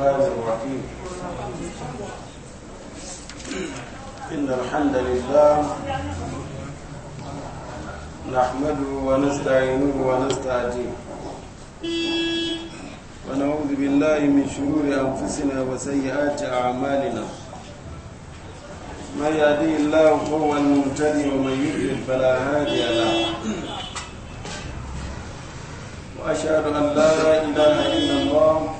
الرحمن الرحيم إن الحمد لله نحمده ونستعينه ونستهديه ونعوذ بالله من شرور أنفسنا وسيئات أعمالنا من يهديه الله فهو المهتدي ومن يضلل فلا هادي له وأشهد أن لا إله إلا الله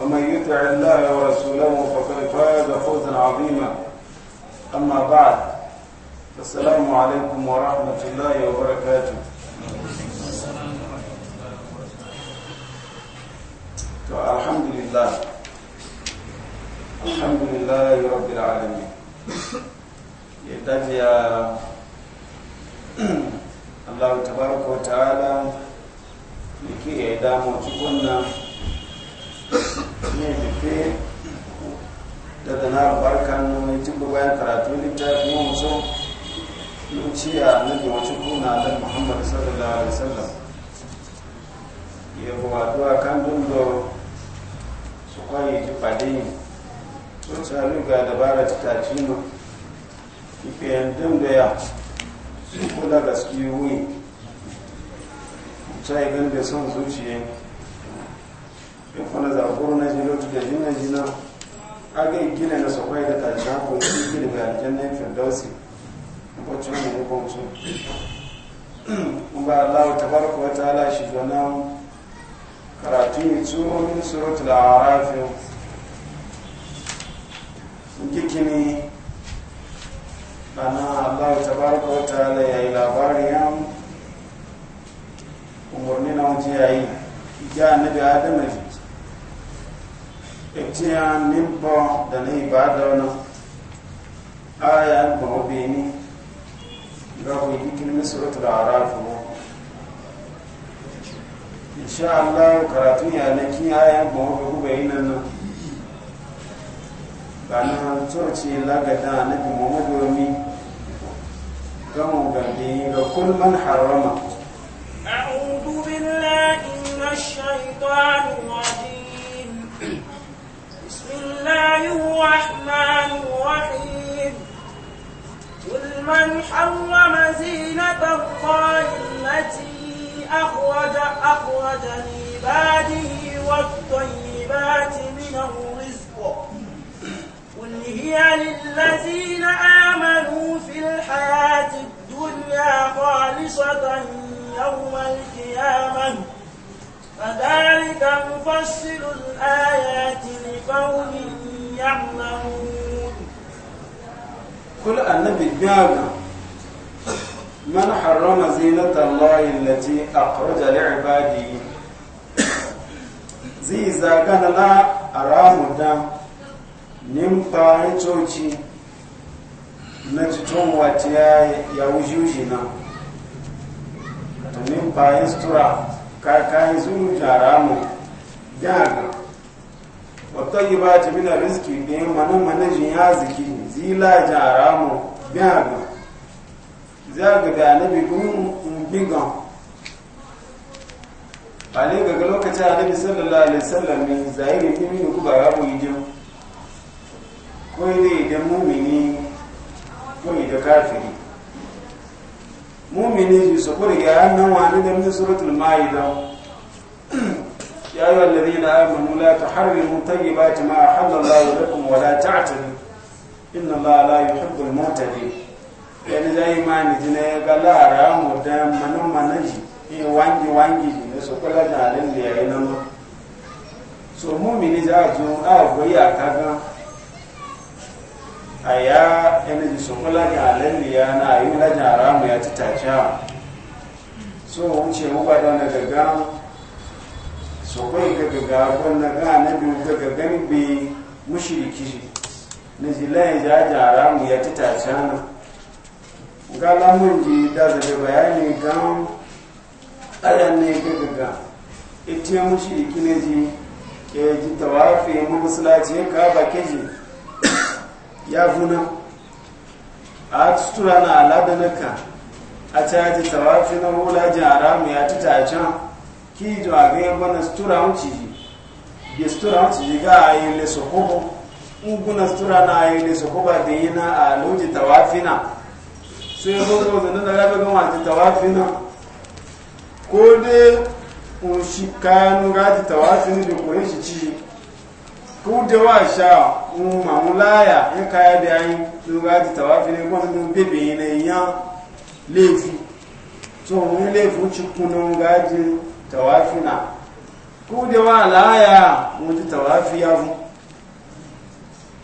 ومن يطع الله ورسوله فقد فاز فوزا عظيما أما بعد السلام عليكم ورحمة الله وبركاته الحمد لله الحمد لله رب العالمين يا الله تبارك وتعالى لكي يدعم وتكون ne fife daga na barkan nuna jibba bayan karatu littafi yin so nuci a nabi wacce kuna da muhammadu sallallahu alaihi wasallam ya buwatu a kan dundo su kwaye ji fade yi sun sami ga dabara ta tacino ife yan dundo ya su kula da gaske wuyi sai gan da son zuciya fana za ko na jilo to da jina jina aga gina na da kai da ta cha ko yi da aljanna firdausi ko cin ne ko cin kuma Allah tabaraka wa ala shi gana karatu su min Sun a'raf gikini ana Allah tabaraka wa ala ya yi labari ya umarni na wajen yayi ya nabi adamu ne etiya nimbo da na ibada wani aya ba obini ga kuyi kilmin suratul arafu insha Allah karatun yanaki aya ba obini kuma yi nan Bana na coci lagata na bi muhammadu rami gama gabe ga kulman harama أعوذ بالله من الشيطان الله الرحمن الرحيم قل من حرم زينة الله التي أخرج أخرج لعباده والطيبات من الرزق قل هي للذين آمنوا في الحياة الدنيا خالصة يوم القيامة فذلك نفصل الآيات لقوم يعلمون قل النبي بياغا من حرم زينة الله التي أخرج لعباده زي زاقنا لا أرام دا نمبا يتوشي نجتوم واتياي يوجوجنا نمبا يسترا كاكا يزوج رامو بياغا wata yi ba ta mina riski da yin mana manajin ya ziki zila jaramu biya ga ga da nabi gun bigan ne ga lokacin annabi sallallahu alaihi wasallam ne zahiri ne min ku ba ya bu yijin ko ne da mu'mini ko ne da kafiri mu'mini su kuri ga ya wani da min suratul maida يا أيها الذين آمنوا لا تحرموا طيبات ما أحل الله لكم ولا تعتدوا إن الله لا يحب المعتدين yani zai ma ni jina ya ga lara mu da manan manan ji ne wangi wangi ji ne su kula da halin da ya yi nan ba so mu mini a zo kaga a ya yana ji su kula da halin da ya na yi lajin haramu ya ci tashi so wuce mu ba da wani so kai ga gaga wannan ga na biyu ga gagan bi mushriki na zilai ja jara mu ya ta tace na ga lamun ji da da bayani ga ayan ne ga gaga ita mushriki ne ji ke ji tawafi mu musulaci ka ba ke ji ya funa a tutura na alada na ka a caji tawafi na wula jara mu ya ta tace ki jo a ga bana stura wuci bi stura wuci ga ayi le so ko ugu na stura na ayi le so ko ba de yana a loji tawafina sai go go da na ga ga ma tawafina ko de un shi kanu ga ti tawafina da ko shi ci ko de wa sha un mamulaya in kaya da ayi ga ti tawafina ko mu bebe ne yan lefi so mun lefi ci kuno ga ji tawafi na ku da wa laya mutu tawafi ya mu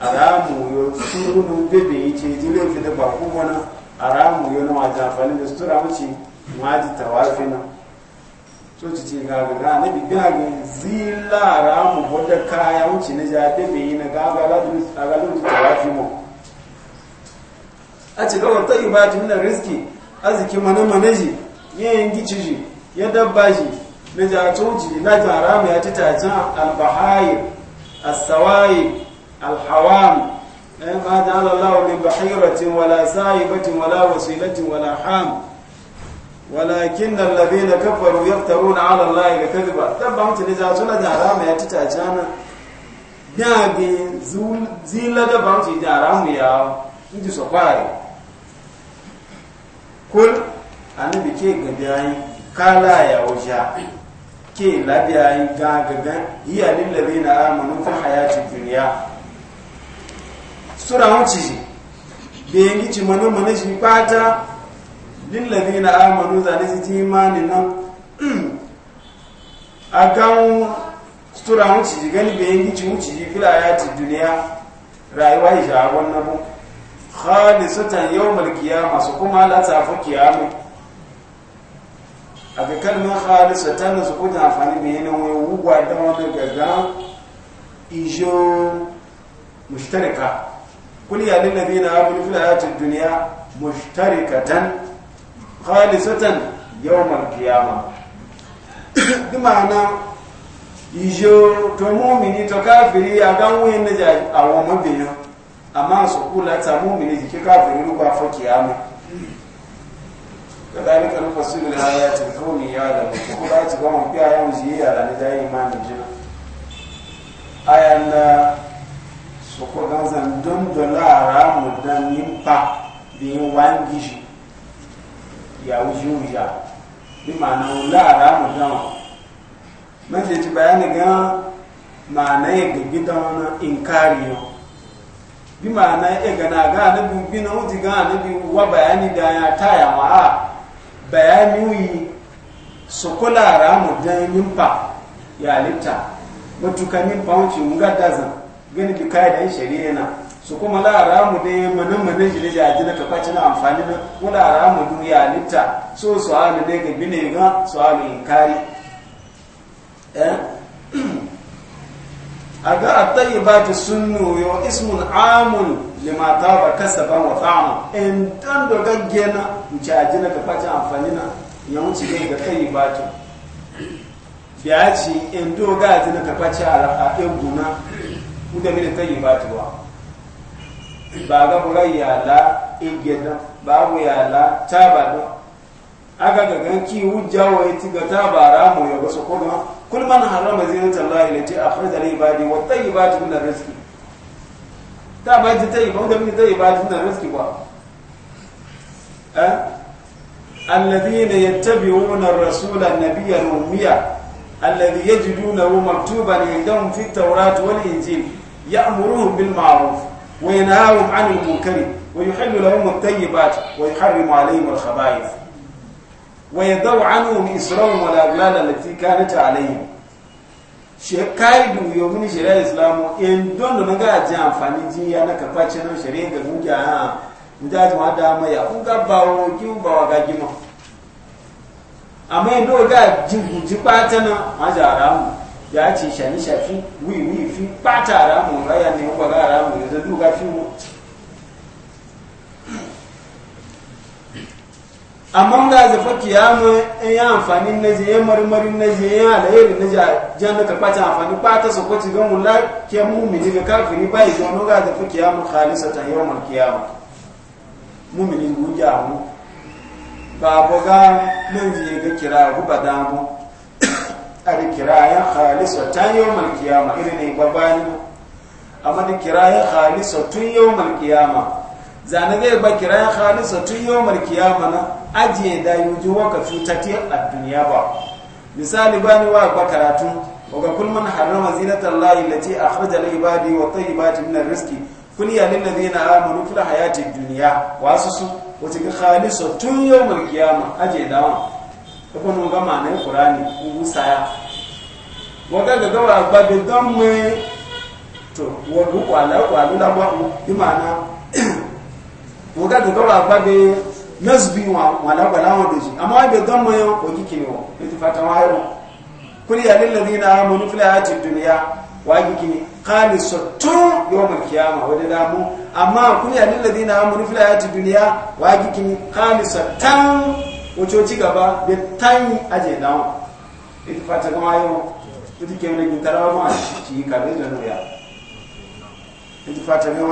aramu yo surunu bebe ce jile fi da ba ku wana aramu yo na wajen amfani da sutura mace maji tawafi na so ci ce ga ga na bi ga ga zila aramu wanda kaya wuce na ja bebe yi na ga ga ga ga tawafi mu a ci ga wata ibadu na riski arziki mana manaji yayin gici ji ya dabba shi na jatoji na jarama ya titacen albahayir asawayi alhawam ɗayan eh, ma ja'ala Allahu min bahiratin wala sa'ibatin wala wasilatin wala ham walakin na kafaru yaftaruna ba Allahi kadhiba tabban tin na jarama ya titacen dage zila da ba su jaramu ya ji su kwari kul annabi ke ga dai kala ya wuja ke labiya yi gagagan iya lillabi na amanu ta hayati duniya sura wuce bayan gici manu mana shi fata lillabi na amanu zane su ti imani nan a gan sura wuce gani bayan gici wuce ji fi hayati duniya rayuwa yi shagon na bu khalisatan yau malkiya masu kuma latsa fi kiyamun a ga kalmar halisa ta su kuta amfani da yanayin wani wugwa don wani gaga ijo mushtarika kuli yalin na zina abu ya hayatun duniya mushtarikatan halisatan yau kiyama duk ma'ana ijo to mumini to kafiri a gan wuyin na ja a wa mabiyan amma su kula ta mumini jiki kafiri rukwa fa kiyama kadhalika nufassilu al-ayati liqawmin ya'lamun kuma ci gama fiya yawan jiya da ma da imani jin ayan na su ko ganzan don dola mu dan nimpa da yin wangi shi ya wuji wuja bi ma'ana lara mu dan mace ci bayani ga ma'ana ya gaggi da wani kari yau bi na ya gana ga anabi bi na wuti ga anabi wa bayani da ya taya ma'a bayani yi sokola ramu dan nimpa ya litta matuka nimpa wuce munga dazan gani bi kai da shari'a na su kuma la ramu da manan manan jile da ajina ta kwaci na amfani da kula ramu du ya lita so su halu da ga bine ga su halu inkari eh aga at-tayyibatu sunnu yo ismun amun lima ta ba kasaban wa fa'ama in dan da gaggena mu ci ajina ka fata amfani na ya wuce ne ga kai ba ta fiya ci in do ga ajina ka fata a guna mu da mire kai ba ta ba ba ga bura ya la igeda ba mu ya la ta ba do aga ga gan ki wujja wa yati ga ta ba ra mu ya ga so ko ma kul man harama zinata allahi lati akhraja li ibadi wa tayyibatu min rizqi da ba ji tayi ba wanda mun tayi ba tun da riski ba eh alladhina yattabi'una ar-rasula an-nabiyya al-ummiya alladhi yajidunahu maktuban indahum fi at-taurati wal-injil ya'muruhum bil ma'ruf wa yanhahum 'anil munkari wa yuhillu lahum at-tayyibat wa yuharrimu 'alayhim al-khaba'ith ويدعو عنهم إسرهم والأغلال التي كانت عليهم shekai da yo mini islamu in don da naga ji amfani ji ya na kafa ce nan shari'a ga gungiya ha in da ji wada ya kun ga ba wa ki ba wa ga gima amma in do ga ji ji pata na ma ja ramu ya ci shani shafi wi wi fi pata ramu ga ya ne ko ga ramu da du ga fi mu amma za fa kiyama in ya amfani na je ya marmari na je ya alayyari na je na karɓa ta amfani ba ta soko ci gan wula ke mumini ga kafiri ba yi no ga fa kiyama halisa ta yau mal kiyama mumini guja mu ba bu ga nan je ga kira ku bada mu a kira ya halisa ta yau kiyama irin ne babani amma da kira ya halisa tun yau mal kiyama zane zai ba kirayen halisa tun yomar kiyama na ajiye da yuji waka ta a duniya ba misali ba ni wa ba karatu waga kulman harama zinatar layi da ce a hajjar ibadi wa tayyibati min ar-rizqi kul ya lil ladina amanu fil hayati duniya wasu su wace ga halisa tun yomar kiyama ajiye da wa ko nun ga ma'anar kurani ubu saya. waga ga gawa ba bi don mai to wa kwalar la wa ba bi ma'ana wọ́n ká gbogbo àgbàgbé nọ́ọ̀sì bí wọn àlágbà láwọn dòjì àmọ́ ẹgbẹ́ gánmọ́ yọ kò yí wọn ètò fata wọn ayọ̀ wọn kúlì yàrá lẹ́nu náà mo ní àti dùnìyà wà yí kiri káàlì sọ tún yọ mọ̀ kí mọ̀ wọ́n dẹ́dá mú àmọ́ yàrá náà mo ní àti dùnìyà káàlì sọ tán gaba bẹ tán ajẹ̀ dáwọn ètò fata wọn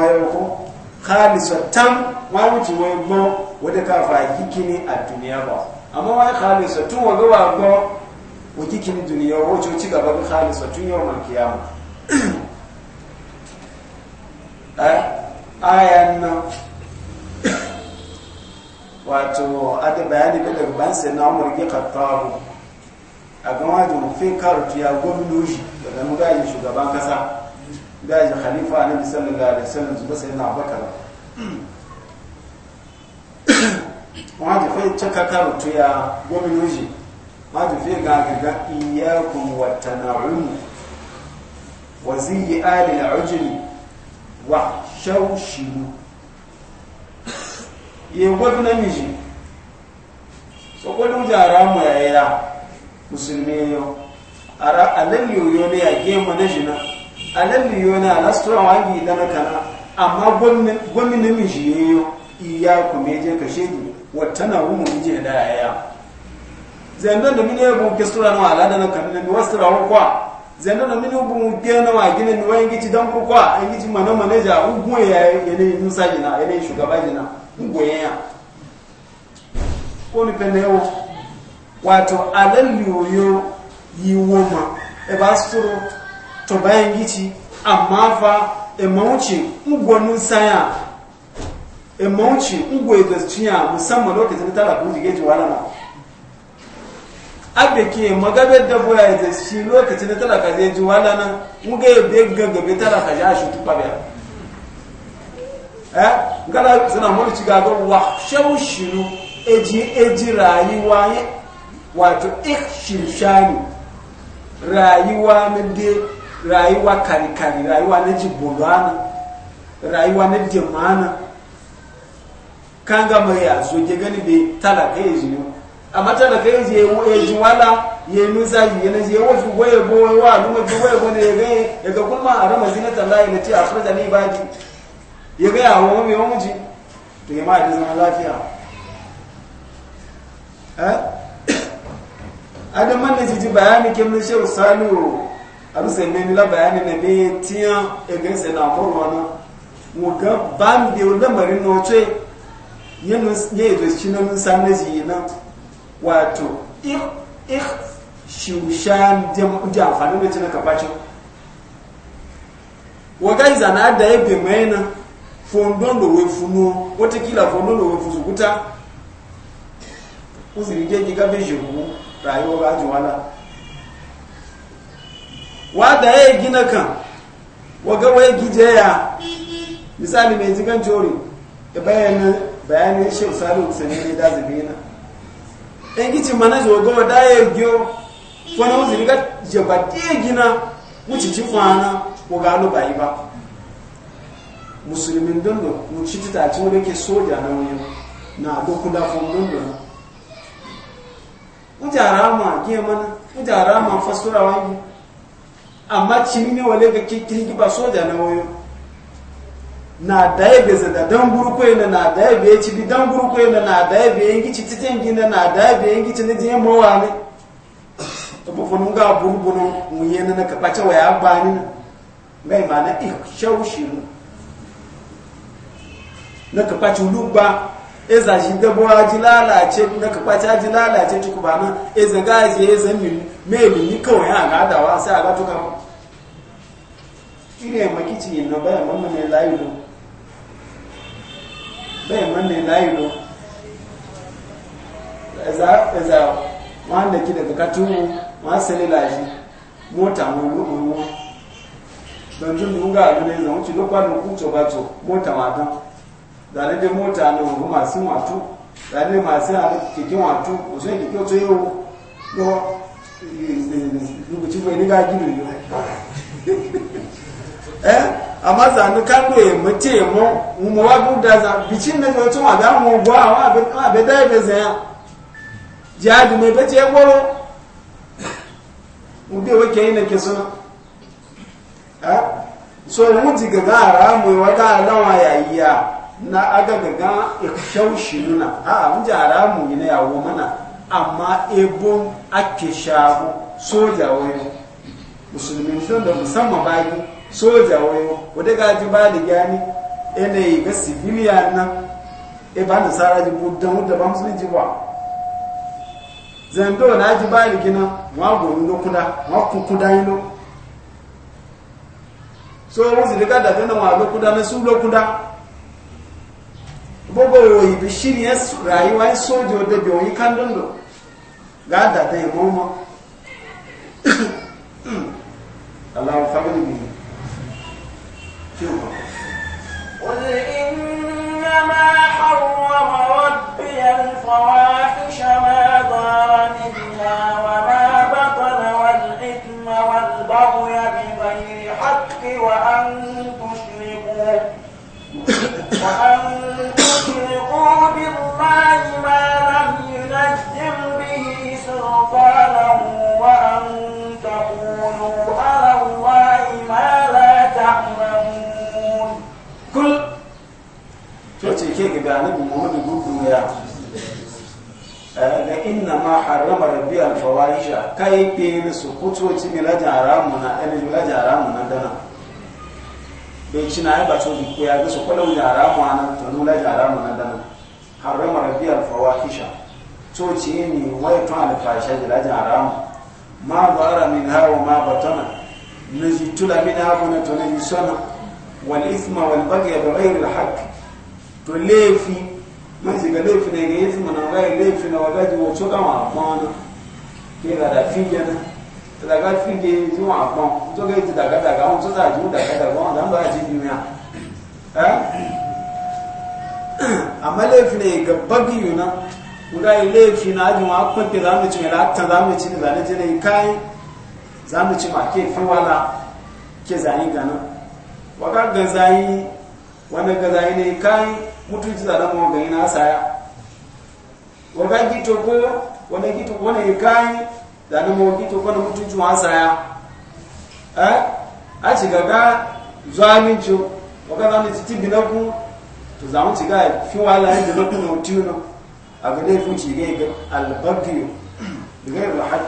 ayọ̀ khalisatan wa wuti wa mo wada ka fa kikini a duniya ba amma wa khalisatu wa ga ba wa kikini duniya wa ci ci gaba ga khalisatun yau man kiyama eh, ayan nan wato ada bayani da daga ban sai na umar ke kattabu a gama da mafi karatu ya gwamnati daga mugayen shugaban kasa gaji halifa na nabi da alaihi wasallam zuba sai na bakara wani fai caka karutu ya gwamnoji wani fai ga gaga iyakun wata rumu wa ziyi ali al'ujri wa shaushiru ye na miji so ramu ya yi ya musulmi yau a lalliyoyi ne ya gemu na jina anan miyona na sura wangi da na kana amma gwamnati min shi yoyo iya ku me je ka shedi watana hu mu da yaya zendo da mine bu ke na ala da na kana mi wasra kwa zendo da mine bu ke na wa gine mi wangi ci dan ku kwa mana manaja u gwe ya yene musa jina yene shugaba jina ngwe ya ko ni penewo wato alalli yoyo yiwo to bayan gici amma fa emauci ugwanin saya emauci ugwai e da ciya musamman lokacin da tara kuji geji wala na abe ke magabe da boya e da shi lokacin da tara kaje ji wala na muga ya e be gagabe tara kaje a shutu babe eh ngala suna mulci ga ga wa shawshinu eji eji rayuwa wato ikshirshani rayuwa na dai rayuwa karikari rayuwa na jibbolwana rayuwa na jimana kanga mai ya so je gani be talaka ya ji amma talaka ya ji ya ji wala ya nusa ji ya ji wasu goye goye wa duma ji goye goye ya ga ya ga kuma a rama zinatan lahi na ce a furta ne ba ji ya ga ya hawa mai mamuji to ya ma da zama lafiya a? adam man ne ji bayani kemin shehu salihu abisa min la bayani ne me tiya egin se na morwa na mu ga ban de wala marin no ce yin ne da shi nan san ne ji na wato ik ik shushan jam ja amfani da cin kafaci wa ga izana da ya be mai na fondon do we funu wata kila fondon do we fusukuta usiri je ji ga be jiru rayuwa ga ji wala wada ya gina kan waga ya gije ya misali mai jigan jori da bayanin bayanin shehu salu sani ne da zabina ɗan gici mana zo ga da ya gyo wani wuzi riga jabati ya gina wuce ci fana ko gano ba yi ba musulmin dundu mu ci ta ci wani ke soja na wani na dokula fon dundu na mutara ma gina mana a ma fasura wani amma cin ne wale ga kirki ba soja na wayo na daya bai zada don burko yana na daya bai ci bi don burko yana na daya bai yanki ci titin gina na daya bai yanki ci ne je mawa ne ta bu funu ga burbunu mu yana na kabace waya bani na mai mana mu na kabace lugba eza shi dabo aji lalace na kabace aji lalace tukubana eza gaje eza zan meli ni kawai a ga dawa sai a gato kama ire makici yin lo bẹ́ẹ̀ mọ́mọ́ ne láì lo bẹ́ẹ̀ mọ́ ní láì lo ẹ̀zà ẹ̀zà wọ́n á lẹ̀kí daga katun wọ́n á sẹ́lẹ̀ láàyè mu wọn lóko wọn lọ́njú ní wúgà àdúrà ẹ̀zà wọ́n ti ló pàdé kú tọ̀bàtọ̀ mọ́ta wọn dán dàdédé mọ́ta ní òun máa sí wọn àtú dàdédé máa sí kèké wọn keke òṣèlú kèké tó yẹ wo lọ́wọ́ lóko tí eh amma zanu kan do mu te mu mu ma wa guda za bicin na to tun aga mu gwa wa be wa be dai be za jadi me be te goro mu be na ke suna eh so mu ji ga gara mu wa ga lawa yayya na aga ga ga ikshaushi e nuna a mu ji ara mu ne yawo mana amma ebon ake shahu soja wani musulmi sun da musamman bayi soja wayo wadda ga ji ba da gani yanayi ga civilian na e ba sara ji budan wadda ba musulun ji ba zando na ji ba da gina wa gomi no kuda wa kukuda yi no so wọn sì dika dàbí na wọn àlókúdá ní sùn lókúdá gbogbo ìròyìn bí ṣí ni ràyíwá sójú ọdẹ bí òyìn kándọ́ndọ̀ gáà dàbí ìmọ̀ ọmọ aláwọ̀ fábílì bìí قل إنما حرم ربي الفواحش ما ظهر منها وما بطن والإثم والبغي بغير حق وأن تشركوا وأن تشركوا بالله ما لم ينزل به سلطانه وأن تقولوا على الله ما لا تعلمون to ce ke ga gani bu mu eh, da gudu ya ga inna ma harama rabbi al ka kai pe su kutoci milaja haramu na ɗan eh, milaja haramu na dana bai ci na ba tobi bi ko ya ga su kwalau da haramu na to milaja haramu na dana harama rabbi al to ce ni wai to al da lajin haramu ma bara min hawa ma batana ji tula min hawa na to yi sana wal isma wal baghy bi ghairi da haqq to laifi man ga laifi na ga yanzu mana ga laifi na waga ji wato ga wa na ke da fi fiye na ta daga fiye ji wa kwan to ga ji daga daga wato za ji daga daga wa an ba a ji duniya eh amma laifi ne ga bagi na kuda yi laifi na ajin wa kwan ke zamu ci mela ta zamu ci zane ji ne kai zamu ci ma ke fi wala ke zani ganin waga ga zani wani ga zani ne kai mutunci da dama ga yana saya waga gito ko wani gito ko ne kai da na gito ko mutunci wa saya eh a ci gaga zamin ci zamin ci tibi na ku to ci ga fi wala ne da lokacin mutunci no a ga dai fuci ga ga albabiyo daga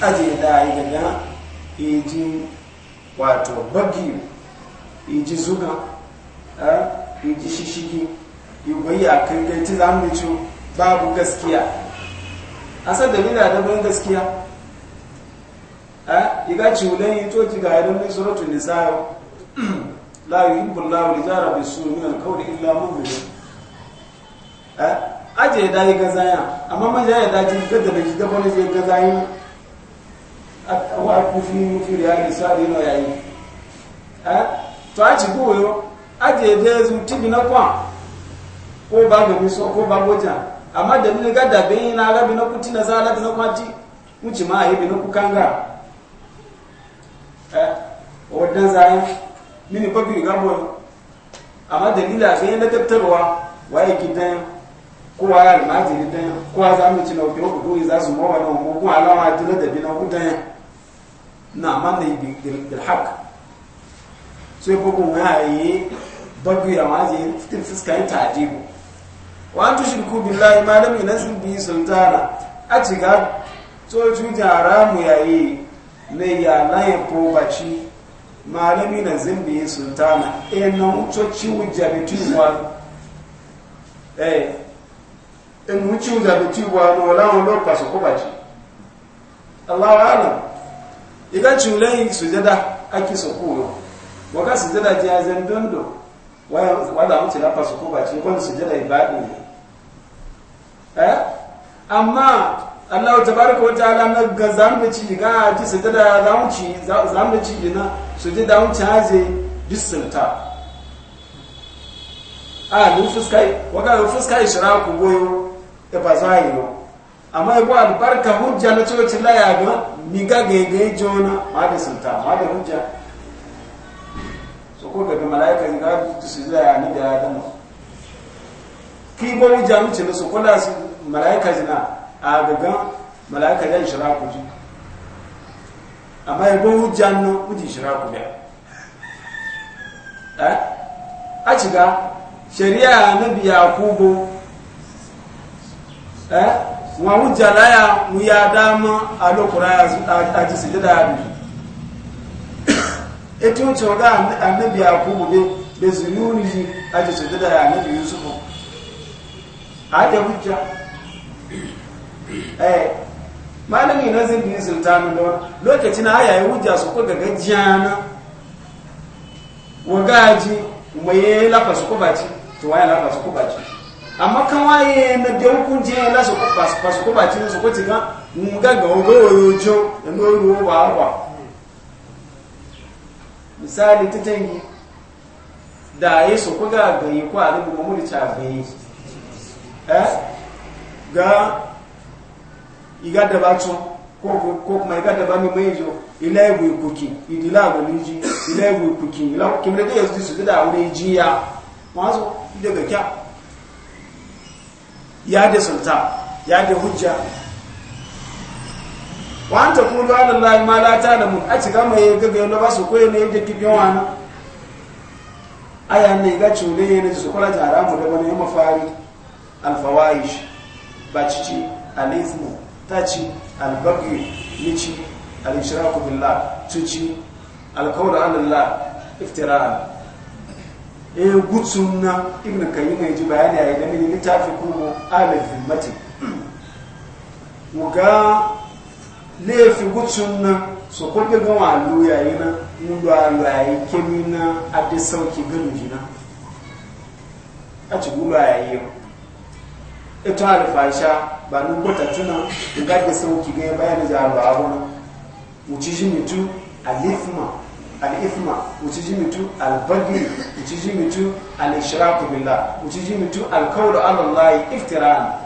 aje da yi gaga iji wato bagiyo iji zuga eh ji shishigi igoya kankanci za mu ci babu gaskiya a da bila da ban gaskiya a iga wulan yi toki ga yadon bin suratun yau. la yi hibbun lawo da jara bai su min illa mun biyu a aje da yi gazaya amma manja ya daji gada da ji gaba na je gazayi a kufi mutu da ya nisa da yana yayi a to a ci aje da zu tibi na kwa ko ba ga miso ko ba goja amma da ni ga da be na ga bi na kuti na za na bi na kwati ma yi bi na kukanga eh wadan zai mini ko bi ga bo amma dalila sai na tattarwa waye gidan kowa ya almajiri dan kowa za mu ci na ko ko za su mawa na mu ko alama dole da bi na kudan na amma ne bi bil haqq sai ko ko ya yi bagwira waje fitin fuskan tajibu wa an tushriku billahi ma lam yunzil bihi sultana a ciga tsoju jara mu yayi ne ya na ya ko baci ma lam yunzil bihi sultana e na utoci wujabi tuwa eh en wuci wujabi tuwa no la on lo paso ko baci Allahu a'lam idan chulai sujada aki sokuno waka sujada jazan dondo wadda eh? wuce na fasu ko baci wanda su jada ibadi ne eh amma Allah tabaraka wa ta'ala na ga zambaci ga ji su jada zamuci zambaci gina su ji da wuce haze disinta a lu fuskai waga lu fuskai ku goyo e ba za yi no amma ibo albarka hujja na cewa la ya ga mi ga gege jona ma da sinta ma da hujja ko daga malaika ga su zaya ni da adamu ki bo wujan ce kula su malaika zina a gaga malaika zan shira ku ji amma ya shira ku eh a ciga shari'a na biya kubo eh wa wujala ya mu ya dama a lokura ya su ta ji sujada biyu ita wuce wa ga annabi ya kuma be da zununi a da su da annabi yusufu a da hujja eh malami na zai bin sultanu da lokacin haya ya hujja su ko ga gajiyana wa gaji mai lafa su ko baci to waya lafa su ko amma kan waye na da hukunci ya lafa su ko baci su ko su ko mu ga ga ogo ojo da mu ruwa wa misali ta tangi da ya su kuga gayi ko a rubu mamuri ca gayi ga iga da bacin ko kuma iga da bami mai jo ila ibu ikuki idila agwali ji ila ibu ikuki ila kimre da yanzu su da wuri ji ya masu ida ga kya ya da sulta ya da hujja wọ́n tẹ̀ kúrò lọ́wọ́ lọ́wọ́ ma látà lọ́mù a ti gama yẹ gẹ́gẹ́ lọ́wọ́ su kó yẹn yẹ kí bí wọn ne a yà ne ìgbà tí o su kula ta haramu da bane ọmọ fari alfawayish bacici alizmu ci albagi nici alishraku billah ci alkawla alallah Allah eh e na ibn kayyim ya ji bayani a idan ne littafi kuma alif mati muga laifi gutsun nan su kurbe gan walu yayi nan mun da yayi kemi na adi sauki ganu jina a ci gulu yayi ita alfasha ba nun gota tuna in ga da sauki ga bayan da albawo nan uci jimitu alifma alifma uci jimitu albagi uci jimitu alishraq billah uci jimitu alqawlu ala allah iftira'an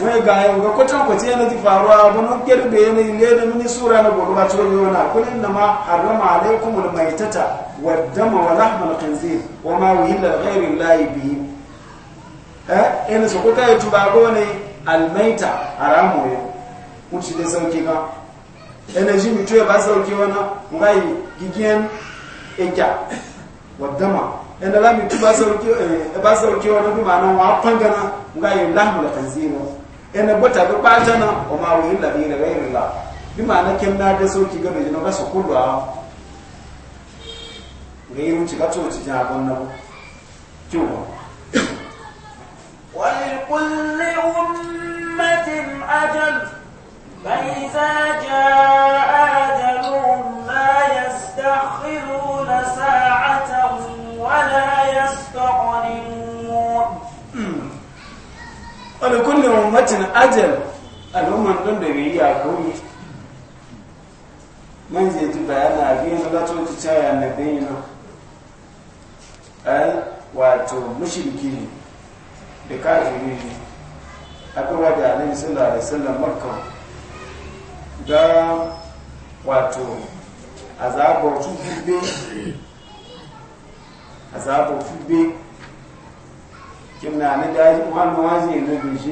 wai ga yau ga kwatan kwace yana ji faruwa wani girbe yana yi da mini sura na gudu a cikin yana na da ma harrama alaikum almaitata wa dama wa lahmal khanzir wa ma wihilla ghairu llahi biyu. eh ina so ko yi tubago ne almaita haramu ne mutu da sauki ka ina ji mutu ya ba sauki wana ngai gigiyan ejja wa dama ina la mutu eh, ba sauki ba sauki wani bi ma'ana wa pangana ngai lahmal khanzir ene bota be bata na o ma wu illa bi ghayri la bi ma na kem na da sauki ga dojin ga su kullu a ga yi wuce ga to ci ja gon na kiwo wal kulli ummatin ajal fa iza jaa ajaluhum la yastakhiruna sa'atan wa la yastaqdimun hmm. wani kullum ummatin ajal al'umman don da bai yi a kawai man zai ji bayana a biyan latoci caya na bayyana ai wato mushirki ne da kafiri ne akwai wadda alaihi sallallahu alaihi sallam makka ga wato azabar tubbe azabar tubbe kimna ni da yi wọn wọn sì lu bi sí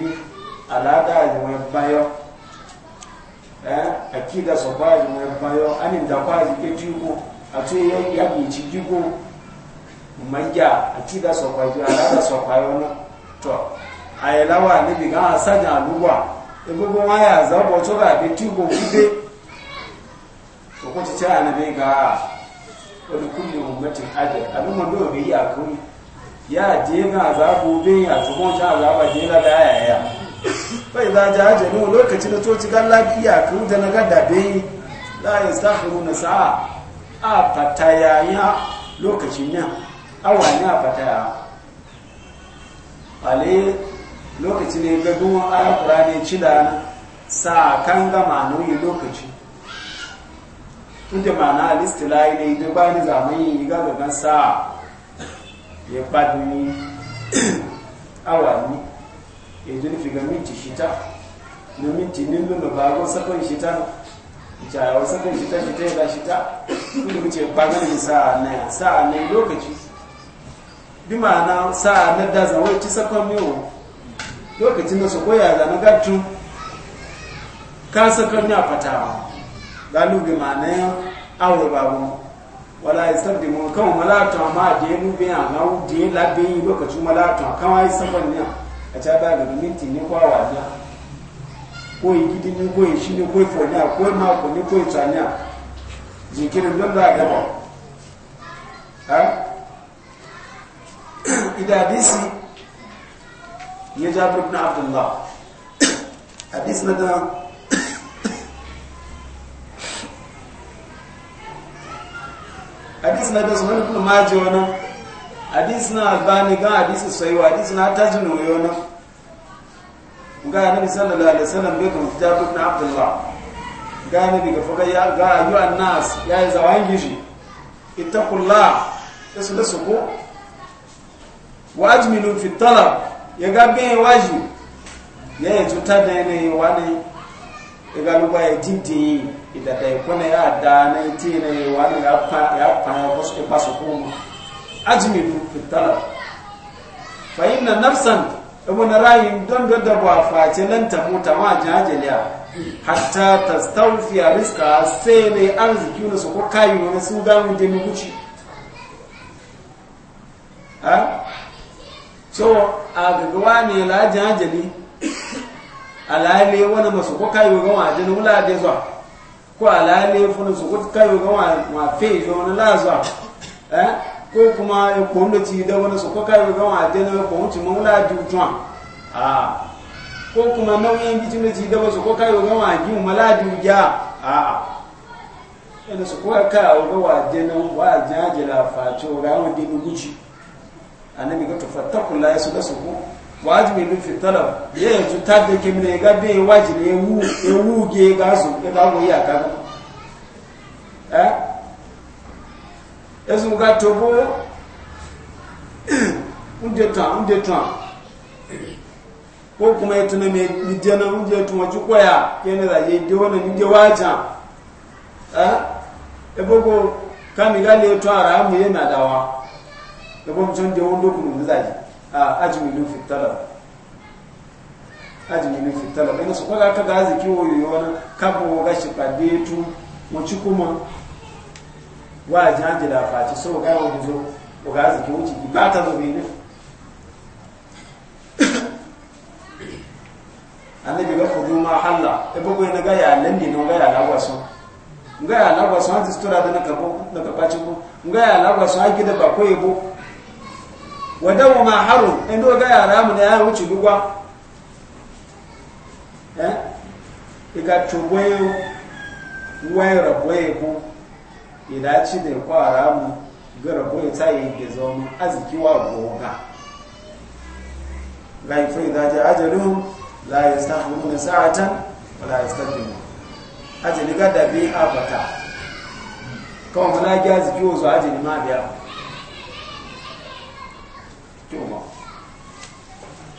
aláda àjùmọ̀ ẹ̀báyọ́ ẹ̀ àkídà sọ̀kọ́ àjùmọ̀ ẹ̀báyọ́ á ní ìdàkọ́ àjùké jígbó àti yàgò ìtì jígbó mọ̀jà àkídà sọ̀kọ́ àjù aláda sọ̀kọ́ ayọ́ náà tọ̀ àyẹ̀láwà níbi kan àṣàjà àlúwà egbogbo wọn yà zọ́bọ̀ tó rà bí jígbó gbígbé òkú ti tẹ́ ànàbí ga olùkúlù ọmọ ti àjẹ àbí mọ̀ lóòrè yà ya je ga azabu bin ya zubo ta azaba je la da yaya bai za ja janu lokaci na toci ga lafiya ku da na gada bin la yastakhiruna sa'a a fataya ya lokacin ya awa ya fataya ale lokaci ne ga duwan alkurani cida sa kan gama nuyi lokaci inda ma'ana alistilayi ne duk bani zamani ga gaban sa'a ya awani ya zuni figa minti shita na minti nilu na sakon shita jayawar sakon shita shita ya shita inda muke bagan sa'a na sa'a na lokaci bi ma'ana sa'a na da zawai ci sakon lokacin da su koya da na gatu ka sakon ya fatawa galu bi ma'ana aure babu wala ya sabbi mun kan malata ma da ya mube a lawo da ya labe yi lokacin malata kan wai safan ne a ta ba ga minti ne kwa wadiya ko yi gidi ne ko yi shi ne ko yi fonya ko yi mako ne ko yi tsanya jikirin don za a gaba ha idadisi ya jabir ibn abdullah hadis na da hadisi na dasu wani kuma maji wani hadisi na albani gan hadis sai wa hadis na tajin wani ga annabi sallallahu alaihi wasallam bai kun duk na abdullah ga annabi ga faga ya ga ayu nas ya yi yin gishi ita kula da su ko wajmilu fi ya ga bin waji ya yi cuta da yanayi wani ya ga lugba ya jintin yi ida yi kuna ya da na ti ne wa ni ya pa ya pa ko su su kuma ajmidu fi talab fa na nafsan ibn rayin don don da ba face nan ta mota ma jajaliya hatta tastawfi riska sai ne arziki wani su ko kayi wani su damu mu de kuci ha so a gaggawa ne la jajali alale wani masu ko kayi wani wajen wula da zuwa ko alhali funu su kuka kayo ga wa fe jo na lazwa eh ko kuma ya kondo ti da wani su kuka kayo ga wa de na ko wuce mun la du twa a ah. ko kuma nauyin gici da ti da wani su kuka kayo ga wa gi mun la du ja a ah. ina su kuka kayo ga wa de na wa jajila fa to ga wa de guci annabi ga tafattaku la su da su ko wajibi lu fi talab ya eh? ta da ke ya ga bin wajibi ewu ewu ge ga su ke ga mu ya ka eh ezu ga tobo unde tuwa unde tuwa ko kuma ya tuna mai ni na unde to waju koya yana da ye de wannan ni de waja ya eh? ebogo kamiga ya to ara yana dawa ebogo mjon wani wondo kunu zaji ajminu fi talab ajminu fi talab ina su kwaga ka gazi kiwo yoyona kabo ga shi padetu mu ci kuma wa jaji da faci so ga wa zo o ga ziki wuci ba ta zo bi ne annabi ga kudu ma halla e bugo ina ga ya nan ne no ga ya lagwa so ga ya lagwa stora da na kabo na kabaci ko ga ya lagwa so an gida ba wadamu ma harum inda waga yara mu na ya wuce gugwa eh iga tugwayo wai rabwaye ko ila ci da kwara mu ga rabwaye ta yi da zama aziki wa goga la yafu idza ja ajaluhum la yastakhiruna sa'atan wa la yastaqdimu ajali ga da bi abata kawai na ga aziki wa zo ajali ma biya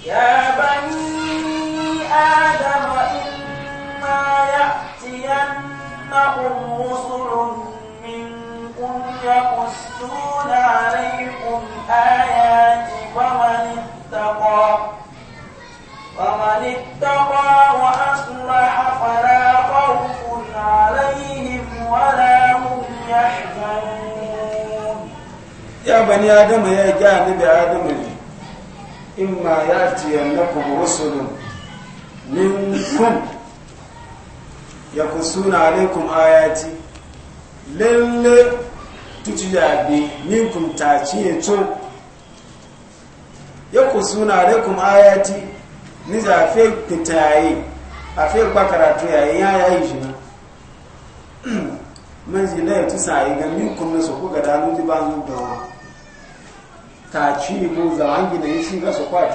يا بني آدم إما يأتينكم رسل منكم يقصون عليكم آياتي فمن اتقى فمن اتقى وأصلح فلا خوف عليهم ولا هم يحزنون يا بني آدم يا جانب آدم imma yatiyannakum rusulun minkum yakusuna alaikum ayati lalle tujiyabi minkum taciye to yakusuna alaikum ayati niza fe pitaye afe gba karatu yayi yayi jina manzi la yatusa ga minkum nasu ku ga ta ci mu za an gina yi shi ga su kwa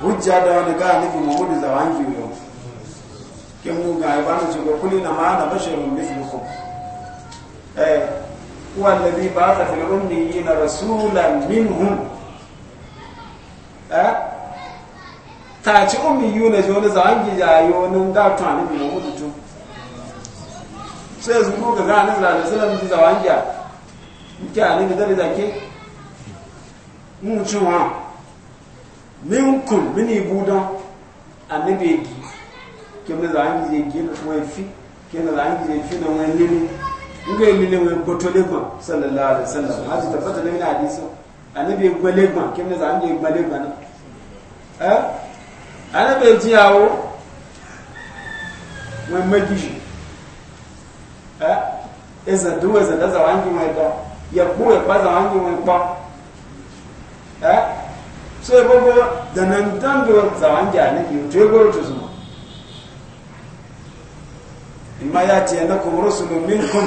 hujja da wani ga nufi muhammadu za a gina yau kin mu ga ba mu kuli na ma na basharun mislukum eh huwa alladhi ba'atha yi na rasulan minhum eh ta ci ummiyuna yi wani za an gina yau nan ga nufi mu muhammadu tu. sai zuwa ga ganin annabi sallallahu alaihi wasallam nke a ni gari da mun ci wa min kun min annabi ya gi ke mun zan yi gi na kuma fi ke mun zan yi fi na wani lili nga yi lili wani goto legba sallallahu alaihi wasallam haji tabbata da mina hadisi annabi ya gba legba ke mun zan yi gba legba na eh annabi ya ji yawo wani magishi eh eza duwa zawangi mai da yẹ̀kú ẹ̀pá zàwọn yìí wọn kpọ́ ẹ́ so ìgbogbo dandandondo zàwọn jẹ́ àníbi tó égbòrò tó sùn ìmá yá tiẹ̀ ní kò wúrò sùn mí kùn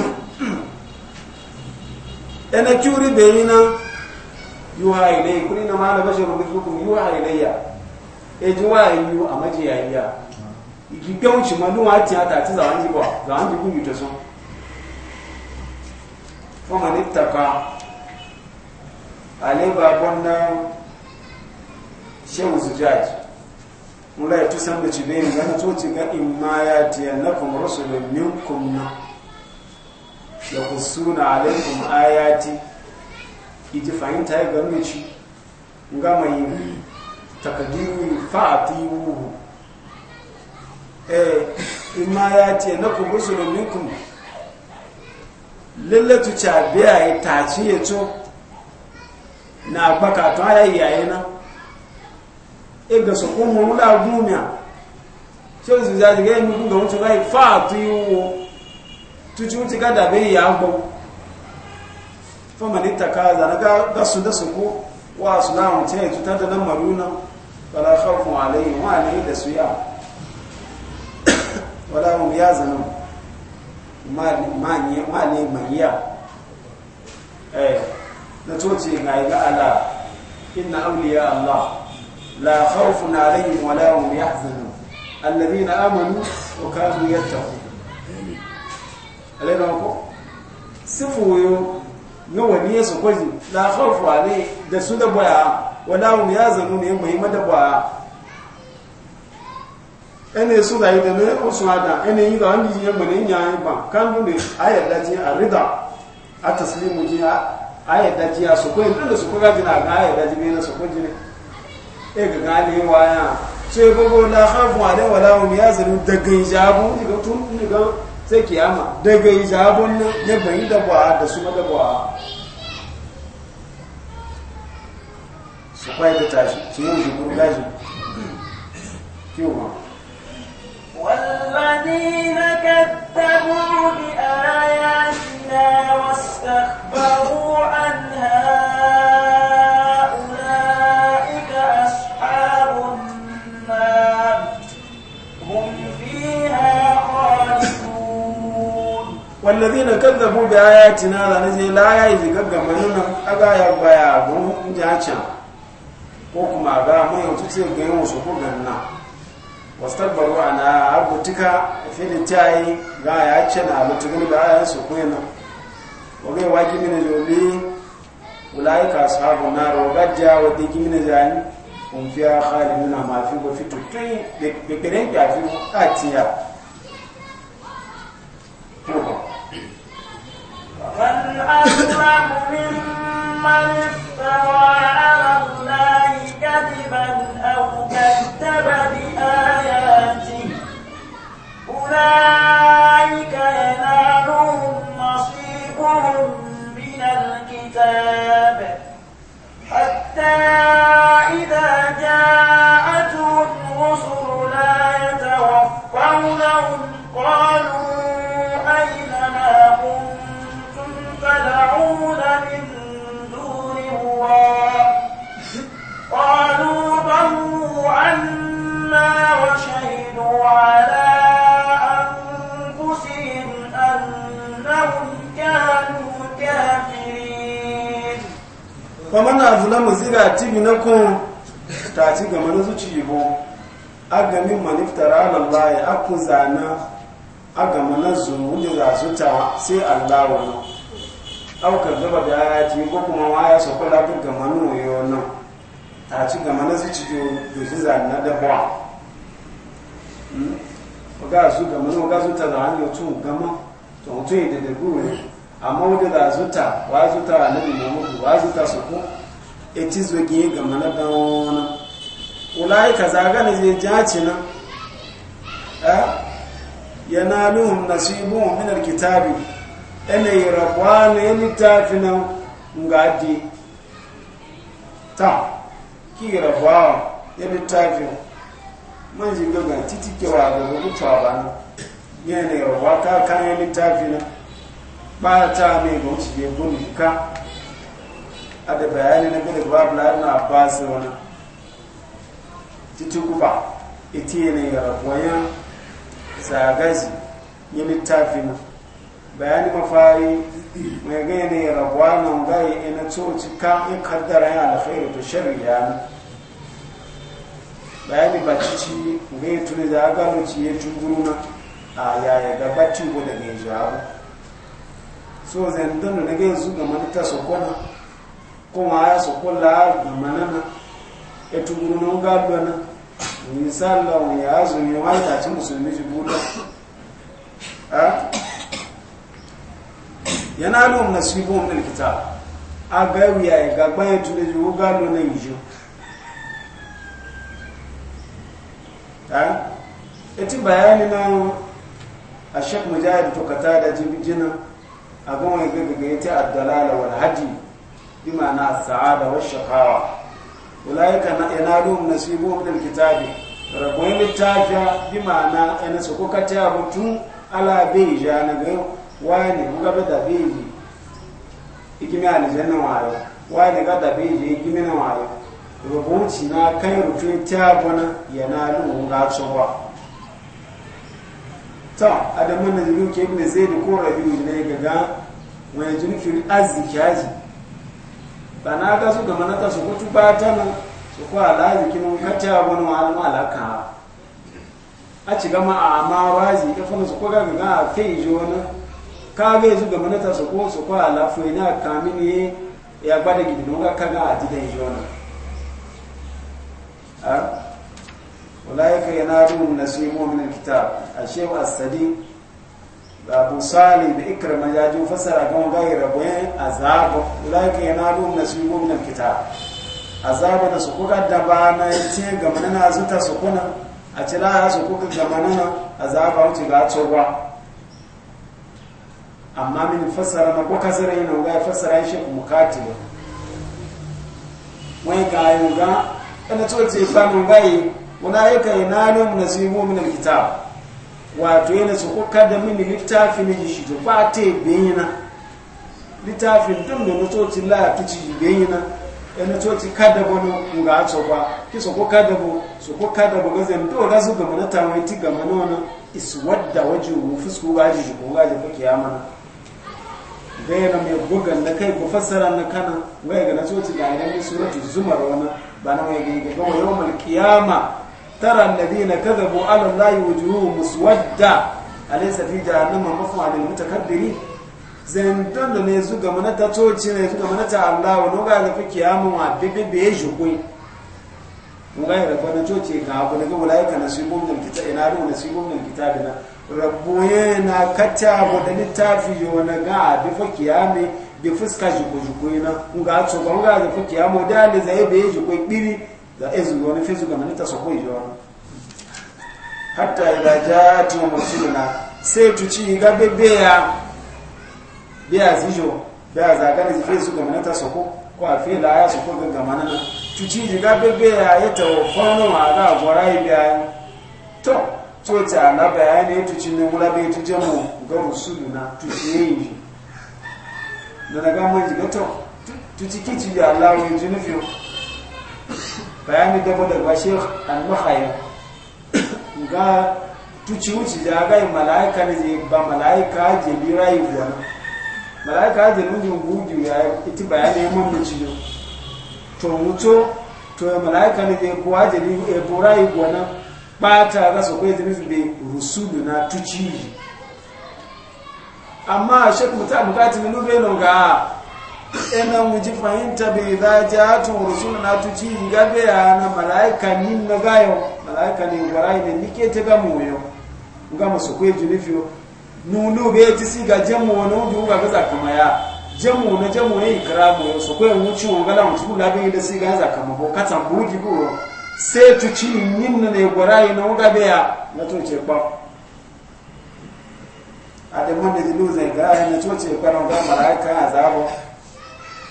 ẹnẹ tí orí bẹ̀yìn náà yóò ha ilé ìkúrí náà máa lọ́bẹ̀ṣẹ̀ rògbé fúkú yóò ha ilé yà èjì wá ìlú àmọ́jì yà ìyà ìgbìgbẹ́ òun ṣùgbọ́n ló wá tiẹ̀ àtàtì zàwọn jì bọ̀ zàwọn jì kú yi e, tó sùn. fọ́nà ní tàkà àlébà na ṣéwù zujaj mula ya tusan da ci bayan gani to ci ga in ma ya tiya na kuma rasulun minkum na da ku suna alaikum ayati iti fahimta ya gano ci ga mai takadiru fa'atiwu eh in ma ya tiya na kuma rasulun minkum lallatu ca biya ya taci ya co na gbaka to yi iyaye na iga e su kun mu la gumiya ṣe o zuza ti gẹ́yìn mú gbọ́n tó báyìí fáà tó yí wo tuntun ti ká dàbí ìyá gbọ́n fọ́mà ní taka zana ga su da su kó wà su na. tí ẹ̀ tutar da nan maruna wala khawfun alayhi wa alayhi da su ya wala mu hum yazanun mali maiya na coci ga yi ala inna auliya Allah la khawfun alaihim wa la hum yahzanun alladhina amanu wa kanu yattaqun alaina ko sifu yo no wani yesu kwaji la khawfu alai da su da baya wa la hum yahzanun ya muhimma da baya ene su da ida ne o suna da ene yi da wani jiyan mana nya yi ba kan dole a yarda ji a rida a taslimu ji a yarda ji a su koyi dole su koga jina ga a yarda ji ne na su koyi ne e ga gane waya so ya e gogo la khafu ala wala hum yazinu daga ijabu daga tun daga sai kiyama daga ijabun ne bai da ba da su ma da ba su kwai da tashi su yi jibin gaji kiwo kazzabu bi ayatina la naje la ya yi gaggan manuna aga ya baya mun ja ko kuma ga mun yau tuce ga yin wasu ko ganna wastabbaru ana abutika fili tayi ga ya ce na mutugin ga ya su kuina wage waki min jobi ulai ka sahabu nar wa gadja wadda digi min jani kun fiya khalidun ma fi tun ya fi على أنفسهم أنهم كانوا كافرين فمن أظلم زرعتي yi تأتي كما نزوجيبو agami maniftara a aku zana gama na zumu da za sai allah wani aukar gaba da ya ci ko kuma waya su kula duk gama nuyo nan ta ci gama na zuci da zana da ba ga su gama na ga zuta da hanyar tun gama to mutum ya da gure amma wanda da zuta wa zuta na bi mamudu wa zuta su ko e na zo gi gama na da na ulai ka zaga ne je jaci na a na nasibun min na ana yarabwana yalitafina ngadi ta ki yarabwa yalitafina manji gaga titi kewa ga rubutawa ba ne yana yawa ka kayan littafi na ba ta mai ga wuce ke gun ka a da bayani na gada babu larin abbas wani titi kuba e ita yana yawa wayan zagaji yi littafi na bayani mafari mai ga yana yawa na gai ina e coci ka in e kaddara yana alkhairu to shari'a bayani ba ci ci ga yi tuni za aga mu ci ya tunguru na a yaya ga bacci ko daga ya jawo so zan don da ga yanzu ga manita so kona kuma ya so kola ga manana ya tunguru na ga lona misal la ya azu ne wai ta ci musulmi ji buda a yana lu nasibun alkitab aga ya ga ba tuni ji ga lona yi jo ha bayani na a shek mujahid tokata kata da jina a gama wani gaga ya ta addalala wal haji bi ma'ana as-sa'ada wash shaqawa ulaika yanalum nasibuhum min al-kitabi rabbun littafiya bi ma'ana ana su kuka ta mutum ala bai ja na ga wani muga da bai ikimi aljanna wa wani ga da bai ikimi na wa rubuci na kan rufe ta bana yana lumu ga ta adamu na jiru ke ibn zaid ko rabiu ne gaga wani jirfin arziki haji na ga su gama na ta su kutu ba ta nan su ko alaji kinu ka ta bana wa alma alaka a ci gama a ma waji ka fana su ko ga gaga a fe jo na ka ga su gama na ta su ko su ko alafu ina kamini ya gbada gidi ga kaga a jidan jo na ulaika yanadun nasibu min alkitab ashe as da babu sali da ikrama ya ji fasara kan gaira bayan eh? azab ulaika yanadun nasibu min alkitab azab da su kuka da ba na ce ga manana zuta su kuna a ci la su kuka ga manana a wuce ga tsoba amma min fasara na kuka sarai na ga fasara shi mukatil wai ga yuga kana tsoce fanin gai mulayika na munasibu min alkitab wato yana su kuka da mini littafi ne shi to ba te bayina littafi dun da mutoci la tuci bayina yana tsoci kada bano kuga to ba ki su kuka da bu su kuka da bu gazan to da su gama na tawai ti isu wadda waje wajhu fusku gaji shi ko gaji ko kiyama bayyana mai bugan da kai ko fassara na kana waya ga na tsoci da ayyukan suratul zumar wannan bana wai ga ga yawmal qiyama tara alladhina kadhabu ala allahi wujuhu muswadda alaysa fi jahannama mafwa lil mutakabbirin zan don da ne su ga mana coci toci ne su ga mana ta Allah wa noga da fi kiyama wa bibi be ya shi kun noga ya rafa na toci ga abu daga walaika nasibun min kita ina ru nasibun min kitabina rabbu yana kata wa da littafi yo na ga bi fa kiyame bi fuska jiko-jiko yana nga a tsoba nga da fuki ya mo da le zai bai jiko ɓiri da ezu wani fesu ga manita su koi jiwa hatta ila ja tuwa mutum na sai tuci ga bebeya biya zijo biya zagana zai fesu ga manita su soko. ko a fi la ya soko ko ga manana Tu ji ga bebeya ya tawo kwano ma ga gwara yi biya to to ta na bayani tuci ne wula bai tuje mu ga rusulu na tuci yayin da daga mai jigato tuciki ci ya Allah mai junufin bayani dabo da bashir al-mahaya ga tuci wuci da ga malaika ne je ba malaika je bi rayu wa malaika je mun gudu ya iti bayani mun mu ci to muto to malaika ne je ko aje ni e borai gona bata ga so ko je ni rusulu na tuci amma shek muta bukati minu benon ga ina ji fahimta bai za ja tun rusul na tuci gabe ya na malaika nin na gayo malaika ne warai ne nike ta ga mu yo ga masu kwe junifi nunu be ti si ga jemu wono ju ga ga kama ya jemu na jemu ne ikramu su kwe wuci wo ga la wuci la be da si ga za kama ko ka buji ko sai tuci nin ne warai na ga be ya na to kwa adamu da zilu zai ga ahina coce kwanan ga mara'aika azabo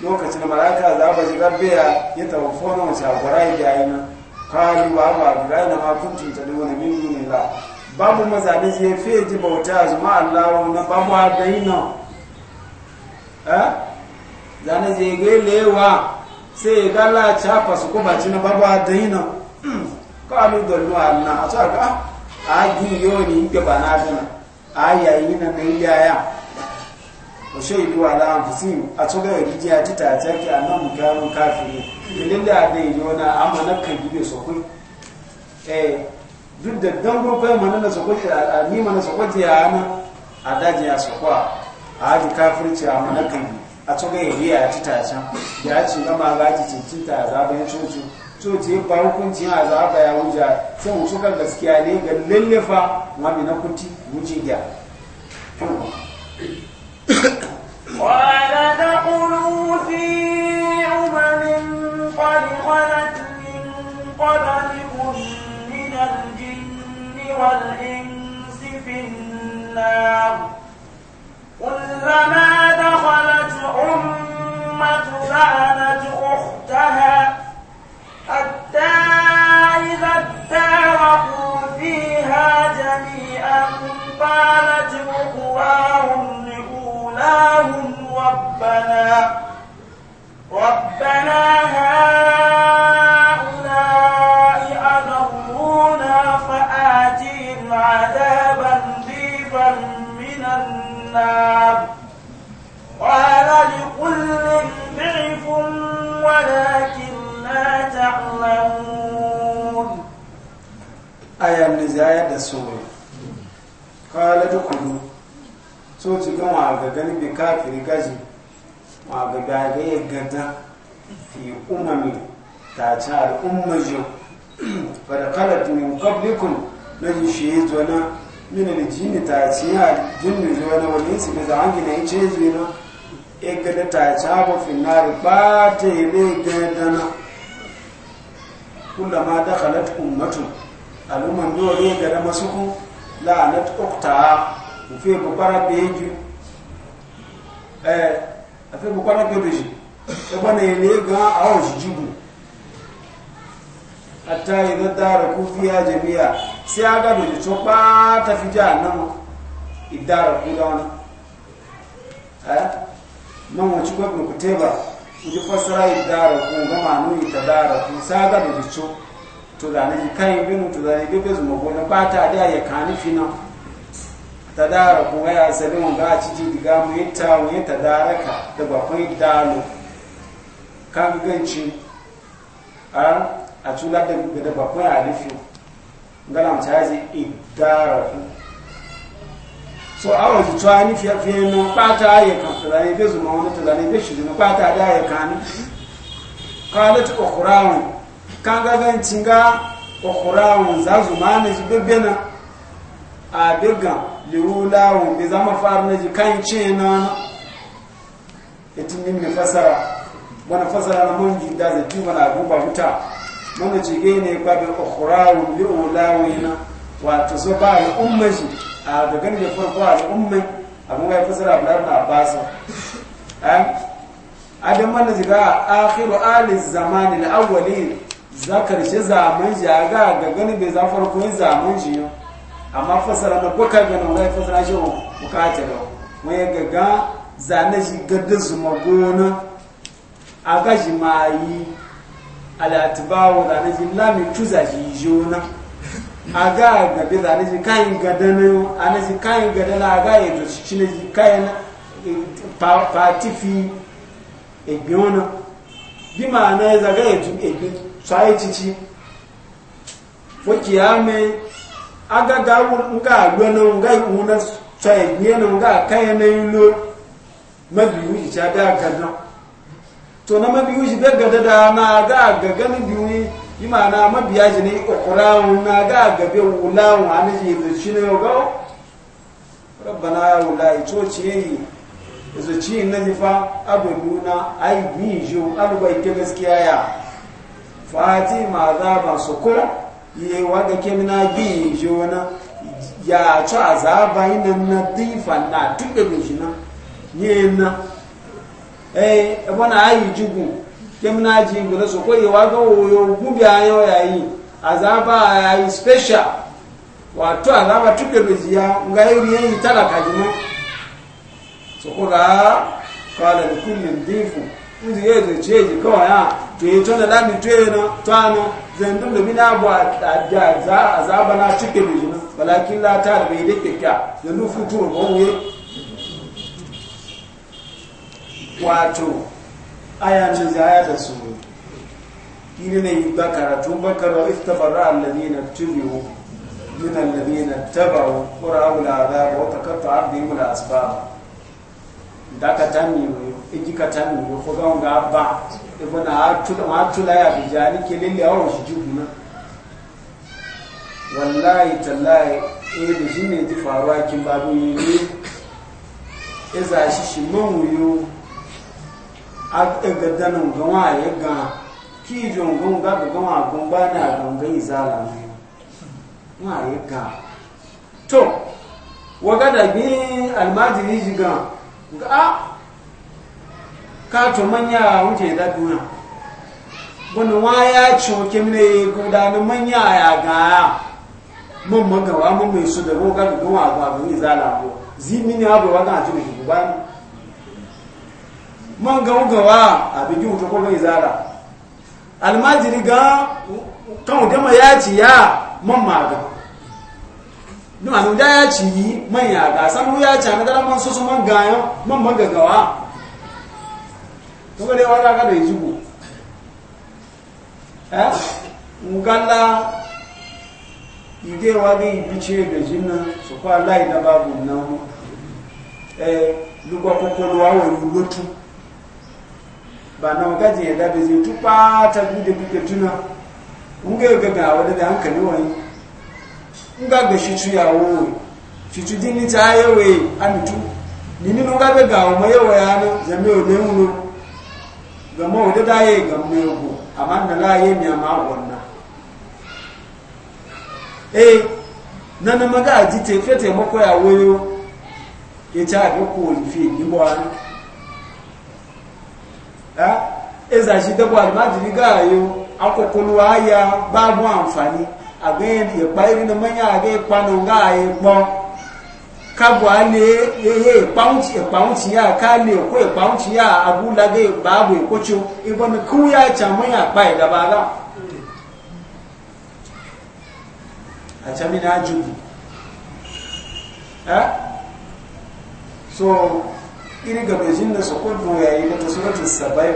lokacin mara'aika azabo ji gabbeya ya tawafona wace agwara ya gaya na kalu wa ba gura na ma kuntum ta dawo wani min duni la ba mu mazabi je fe ji bauta zuma Allah na ba mu adaina eh zane je gelewa sai ga la chapa su kuma ci na babu adaina kalu dallu Allah a ta ga ah, a gi yoni ke bana dana aya yina na iya ya o ṣe ìlú aláàmùsìn àtúgbẹ̀ ìdíjẹ́ àtìtà àti da yi káàkiri ilé àdé ìyọ́nà amọ̀nàkà ìbílẹ̀ sọ̀kún duk da dangon kai mana na sokoki a ni mana sokoki a ana a daji ya sokwa a haji kafirci a mana kan a tsoga ya riya ya ci tashen ya ci gama gaji cikin ta zaɓen cucu to ce ba hukuncin azaba ya wuja sai mu suka gaskiya ne ga lallefa wani na kuti wuce gya قال دخلوا في أمم قد خلت من قبلكم من الجن والإنس في النار كلما دخلت أمة لعنت أختها حتى إذا اداركوا فيها جميعا قالت أخواهم لأولاهم ربنا ربنا هؤلاء أضرونا فآتهم عذابا ضيفا من النار قال لكل ضعف ولكن لا تعلمون أيام نزايا دسوي قال دخلوا so ci gan wa ga gani bi kafiri gaji wa ga gaga ya gada fi umami ta ci al'ummajo fa da kala min qablikum na yi shi na, zuwa min aljini ta ci aljinni na wani su da zangi na yi ce zuwa ya gada ta ci abu finari ba ta yi bai gada na kula ma da halat ummatu al'umman dole ga da masuku la'anat ukta ufe bukara beju eh afe bukara beju e bana ne ga awon jibu hatta idan daraku fiya jami'a sai aga da to ba ta fita nan ku teba ji fasara yi dara ku gama nuni ita dara ku saga da bicho to da ni kai bin to da bi bebe zuma gona ba ta da ya kani fina ta dara ku ga ya sabi mun ga ci diga mu yi ta mu ita ta dara ka da ba kun dalo kan ganci a a tula da da ba ya alifi ngalam mu ta ji idara ku so awa zutuwa ni fiye-fiye na ɓata ayyukan tunani bai zuma wani tunani bai shi na ɓata da kala kalat ukhrawun kan ga gan cinga ukhrawun za zuma ne su bebena a bega liwulawun bi zama faru na ji kan ce na itin e min ne fasara bana fasara na mun ji da zai tuba na guba huta mun ce gene babin ukhrawun liwulawun yana. wato so ba al'ummar shi a da ganin da farko al'ummar abin ya fasara abu na abasa adam mana ziga akhiru alis zamani na awwali za karshe zaman shi a ga ga ganin bai za farko zaman shi yau amma fasara na kuka ganin wai fasara shi bukata yau wai gaga zane shi gadda su magona a gashi ma yi alatibawo zane shi lamin tuza shi jona aga gabe da anaji kayan gada na anaji kayan gada na aga ya to shi ne kayan eh, patifi egbe ona bi ma na egbe sai cici foki ame aga ga nga agbe na nga iwuna sai egbe na nga kayan na ilo mabi wuji ta da gada to na mabi da gada da na aga ima na mabiya ji ne ƙoƙurawun na ga gabe wulawun a nake zaci na yau gawo rabbana ya wula ya coci ya yi zaci na zifa abinuna ai yi ji alubai ta gaskiya ya fati ma za ba su ko yi wadda ke mina yi ji wani ya ci a azaba yi nan na difa na tuɓe mai shi nan yi na eh ebe na ayi jugun kem na ji mu na so ko yi ayo yayi azaba yayi special wato azaba tuke beziya nga yuri yayi talaka jima so ko ga kala ni kullin difu ndi yezo cheji ko ya to yi tona lami tuyena tano zendum da bina bu ajaza azaba na tuke bezina walakin la ta bai da kekka da nufu turo ba wuye wato aya ce za ya da su kini ne yi bakara tun bakara iftabara alladina tubiu min na tabu qura'u al'adab wa taqatta'a bihim al'asbab da ka ta tami yi Iji ka tami yo ko ga nga ba ya bona ja ma atula ya bijani shi awo shijuna wallahi tallahi e da ne ti faruwa kin babu yi ne e za shi shi mun yo aga danin gawa ya ga kijin gunga ga gawa gunga na gunga izala ne ma ya ga to waga da bi almajiri jiga ga a ka to manya wuce da duna bani wa ya coke mine gudanin manya ya ga mun magawa mun mai su da roga ga gawa ga gunga izala ko zimini abu waga a jiga ba man ga ugawa a bigin wuta kuma izara almajiri ga kan gama ya ci ya man maga da ya ci yi man ya ga san ya ci na dara man soso man gayo man man gagawa to ga da eh ga jinna lai da babu nan eh ba na wakajin ya dabe zai tupa ta gudu kuke tuna in ga ga ga wadda da hankali wani in ga shi tuya wuri shi tu dini ta yawe amitu ni ni nuga ga o mayo ya no zame o lewu ga mo de da ye ga mo go amanda la ye mi ama wonna eh nana maga ajite fete moko ya woyo ke ta ga ko ni ni bo ana ẹzà ṣe dẹ́gbọ́ àdìmájìrí gáàyò akọkọlù àyà bá mú àǹfààní àgbẹ̀yẹn ìyẹ̀pá ìrìnà mẹ́yà àgbẹ̀ ìpanu gáàyè pọ́n kábọ̀ á lé ehe ìpáhùntì yá ká lè abu ìpáhùntì yá abúlágé ìbáàbò ìkócho ya kíwúyà àtàmúyà pa ìdàbàrà àtàmínà so iri gabajin da su kudu ya yi mata suratun sabayin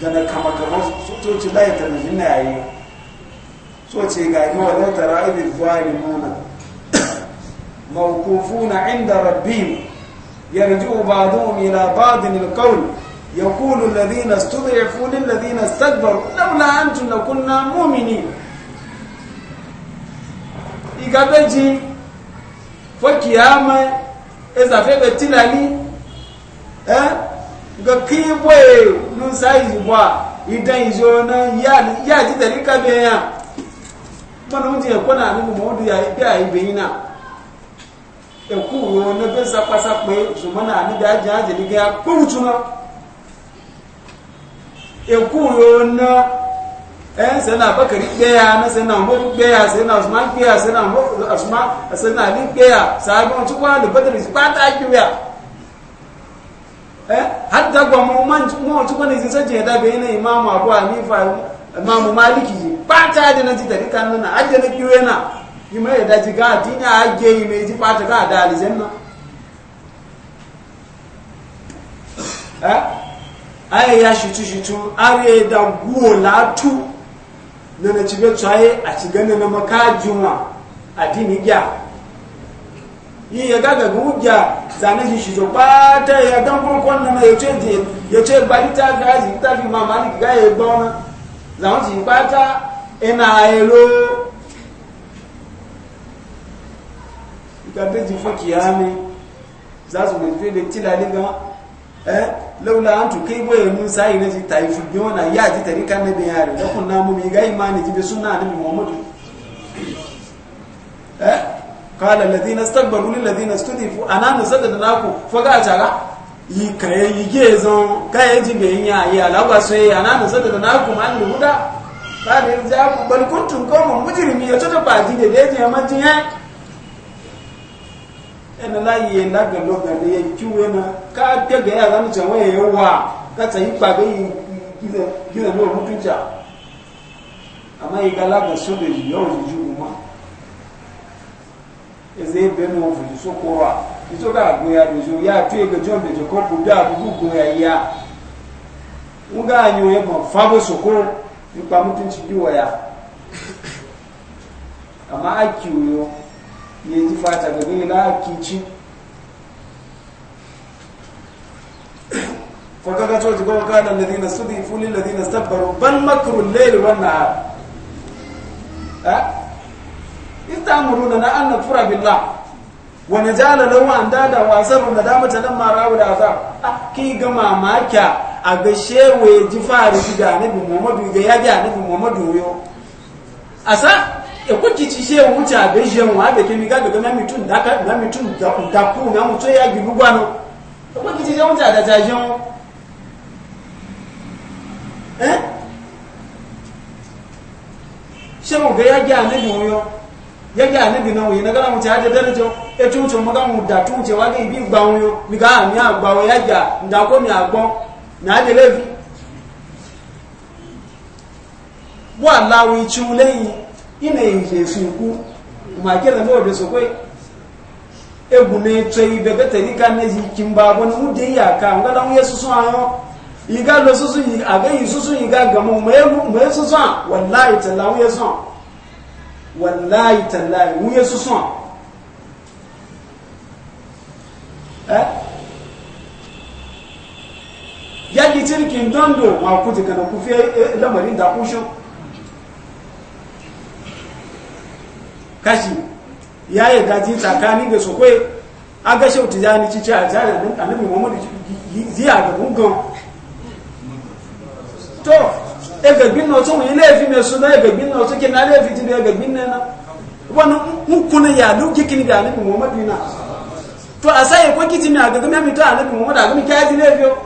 da na kama kama soci layi ta bejin na yayi soci ga yi wa lauta ra'ibin zuwari nuna mawkufuna inda rabbim yarju ba'dhum ila ba'dhin alqawl يقول الذين استضعفوا an استكبروا لولا أنتم لكنا مؤمنين إيجابيجي فكيامة ezafe be tilani eh yi kibwe nun sai bwa idan izo na ya ya ji dari ka be ya mana mutun ya kona ni mu odu ya ibe ai be ina e ɛku wo na be sa pasa pe so na ni da ja je ni ga ku tuna e ku wo na eh sai na bakari ɗaya na sai na hukun ɗaya sai na usman ɗaya sai na usman sai na ali ɗaya da badar su ba ake wuya eh, har da imamu abu imamu maliki ji da na ji da na yi mai ji ga dinya yi mai ji ga da ai ya shutu shutu are da latu nana ci be tsaye a ci gane na maka juma addini gya yi ya gaga gugya zane shi shi ba ta ya dan kurkon na ya ce je ya ce ba ita ga ji ta fi mama ni ga ya gbona zaman shi ba ta ina ero ga ta ji fa kiyame za su ne fi da tilali ga Eh? laula an tukai boye mun sai ne ji tayi fugi wana ya ji tarika ne be yare da kun namu mi ga imani ji be sunna ne Muhammadu eh qala alladhina istakbaru lil ladhina istudifu anana sadadnaku faga jaga yi kaye yi gezo kaye ji be nya ya lawa sai anana sadadnaku man huda qala bal kuntum qawmun mujrimin de de ya majin eh? ẹni láyé lágbẹ̀lọ́gbẹ̀lẹ́ ìjúwe na ká dẹ́gbẹ̀ yàrá ní ìjọwọ́ ga wà káta ìpàgbé gílẹ̀ ní òun dújà àmá ìgbà lágbẹ̀ sódò yìí yọ òjòjú mọ́ ẹzẹ́ ka ní wọn fòjì sókò wà ìtọ́gà àgbẹ̀ àgbẹ̀jọ yá tó ẹgbẹ̀jọ ìbẹ̀jọ ya Ama yanzu fata gabi na kici fakaka cewa ji kuma kanan da dina su di fulin da dina sabbaru ban makaru lelu ban na haru ha? in ta muru na na annan fura billa wani jana na ruwa da da wasan ruwa da mace nan mara abu da hasa a ah, ki gama makya a ga shewe ji fara shi ga nabi muhammadu ga ya ga nabi muhammadu yau a sa ekukikisha ewu kyabe jenwa abeke emigago ge namitundaku nga mutwe yagibugwano ekukikisha ewu kyada kya jenwa shemuge yajja anabi oyo yajja anabi nowe nagala mu kyate tenekyo etunkyo muga ya tunkye waga ibigba oyo migaa myagba we yajja ndako myagbo naje levi bwalawe leyin. ina yinje sunku make da mawa da su kwai ebu ne yi, bebe tari yi ne ji kin ba wani mudi ya ka nga dan yesu sun ayo iga lo susu yi aga yi susu yi ga mu, me me susu wallahi tallahi yesu wallahi tallahi mu yesu sun eh yadi tirkin dondo ma kuti kana ku fi eh, lamarin da kushin kashi ya yi daji tsakani da su kwai a ga shautu ya ni cice a jari annabi muhammadu ziya ga gungun to e gagbin na otu wani laifi mai suna e gagbin na otu ke na laifi ti da e na wani hukunan ya duk kini annabi muhammadu na to a sai ko kiti mai a gagbin ya mito annabi muhammadu a gagbin kya ji laifi yau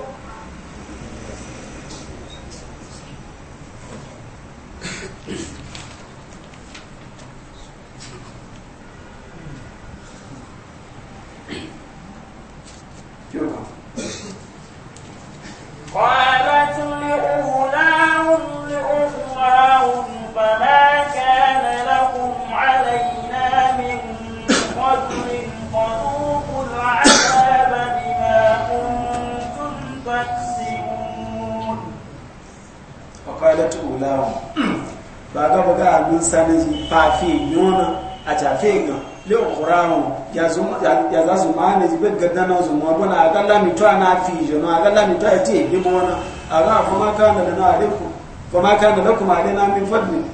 zuma ne zibe gada na zuma bona aga la mito na fi je na aga la mito ati e mona aga fa ma kana da na alifu fa ma da kuma ale na min fadli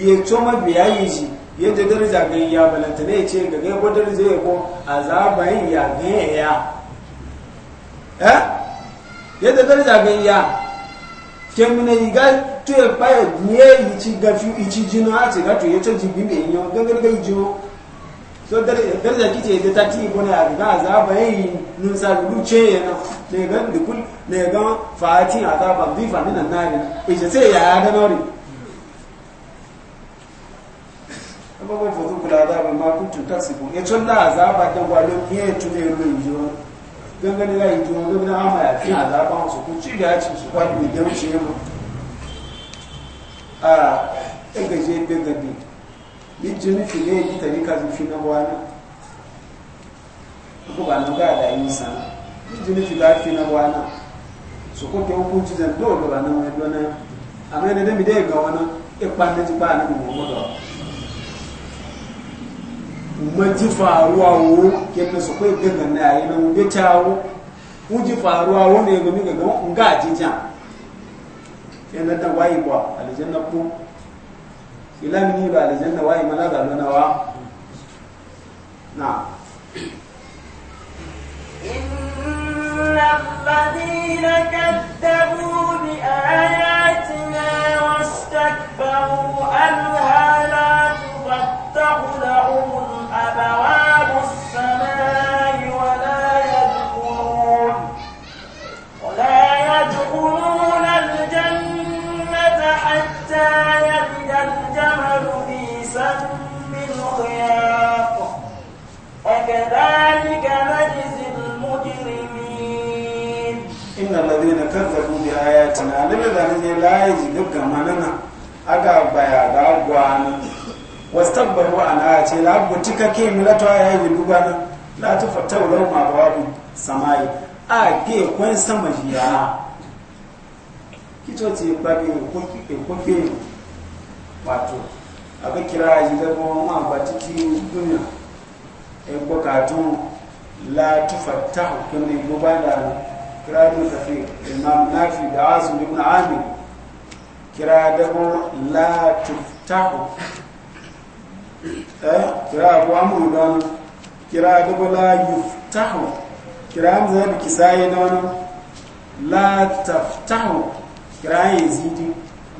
ye to ma biya yi ji ye da daraja ga ya balanta ne ce ga ga bodar je ko azaba yi ya ga ya eh ye da daraja ga ya kemune yi ga to e pa e ni e yi ci ga fi yi ci na ati ga to ye to ji bi me yan ga ga ga ji to daraja kice da ta ci gona ga ba yi nun sa luce yana ne ga dukul ne ga fati ba bi fa nan nari e je sai ya da nori amma ko fudu kula da ba ma kuntu tasibu e ton da azaba da gwalo ke tune ro yiwo gangan ga yi tuwa ga na amma ya fi su ku ci da ci su kwani da mu shi mu a e je be bi lijini file yi tabi ka zufi na wani ko ba nuga da yi sana lijini file fi na wani so ko ke hukunci zan dole ba nan wani dona amma yana da mi dai ga wani ipa na ji ba na mu mu da mu ji faruwa wo ke na so ko ga ga na yi na mu ga tawo mu ji faruwa wo ne ga mi ga ga ga ji jan yana da wayi kwa aljanna ko إلا من ba aljanna وإما لا da lona نعم إن الذين كذبوا بآياتنا واستكبروا أنها لا تفتح لهم الأبواب kazzabu bi ayatina ne da ne layi jigab ga manana aga baya ga gwana wastakbaru an ayati la butika ke milato duk dubana la tufa law ma bawabu samai a ke kwen sama ya kito ti babi ko ke ko ke wato aka kira jigabo ma batiki duniya e bukatun la tufatau kuma da kira ibn kafir imam nafi da asim ibn amir kira dabo la tuftahu eh kira ko amru don kira dabo la yuftahu kira hamza da kisaye don la taftahu kira yazidi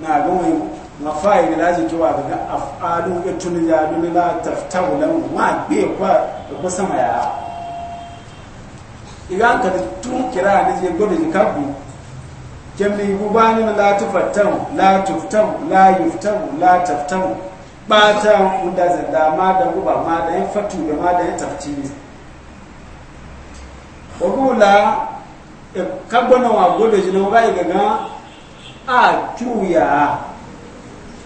na gawai mafai da laji kiwa daga af'alu ya tunu ya la taftahu lahu ma be kwa da kusa maya igan ka tun kira ne je gobe ji kabu kemni gubani la tufatan la tuftan la yuftan la taftan bata unda zanda ma da guba ma da yin fatu da ma da yin tafcini ogula e kabona wa gobe ji no bai gaga a tuya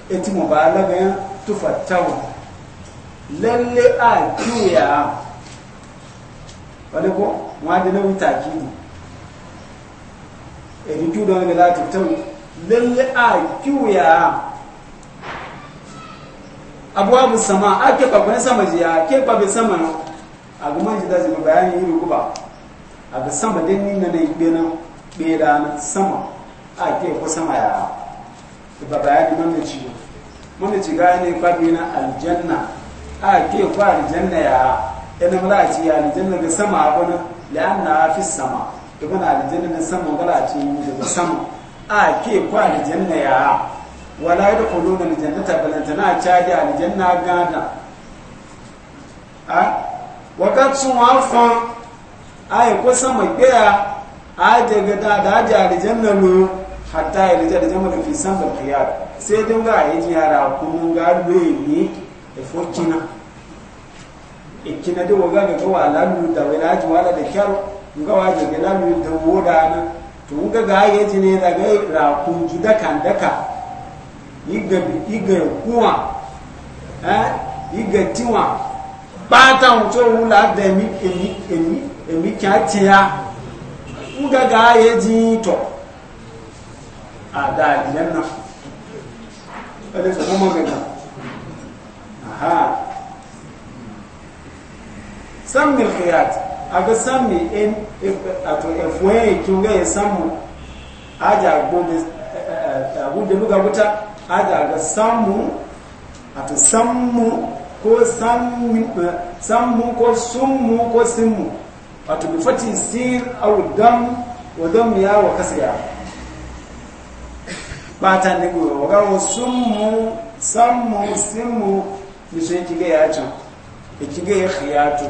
eti ba la ga tufatan lalle a tuya wani ko ma da wani na wuta kini eri tu don gaza ta tau lalle a kiwuya abuwa bu sama a ke kwakwani sama ji ya ke kwabe sama na a goma ji da zama bayani iri ku ba a ga sama don nina na igbe na bera na sama a ke kwa sama ya ta ba bayani mana ci mana ci gane kwabe na aljanna a ke kwa aljanna ya yana mala a ci ya aljanna ga sama abuna la'anna fi sama ibn aljanna na sama gala a ci daga sama a ke kwa aljanna ya wala da yadkhuluna aljannata na caji aljanna gada a wakati sun hafa a yi kusa mai gbaya a daga da da aji aljanna lo hatta ya rija da jama'a fi san da kiyar sai dai ga yi jiyara kuma ga lo ne da fokina ikina da waga ga ga wala nu da wai na ji wala da kyar ga wa ga ga nu da woda na to ga ga ya ji ne da ga ra kun ju da kan da ka iga iga kuwa eh iga tiwa ba ta mu to wula da mi emi emi emi kya tiya ga ga ya ji to a da nan na kada su kuma ga aha sami khiyat aga sami en ato efuwe kinga ya samu aja gobe eh, eh, abude luga buta aja aga samu ato samu ko samu samu ko summu ko simmu ato bi fati sin aw dam wa dam ya wa kasya bata ne waga wa summu samu simmu ni sai kige ya ta kige ya khiyatu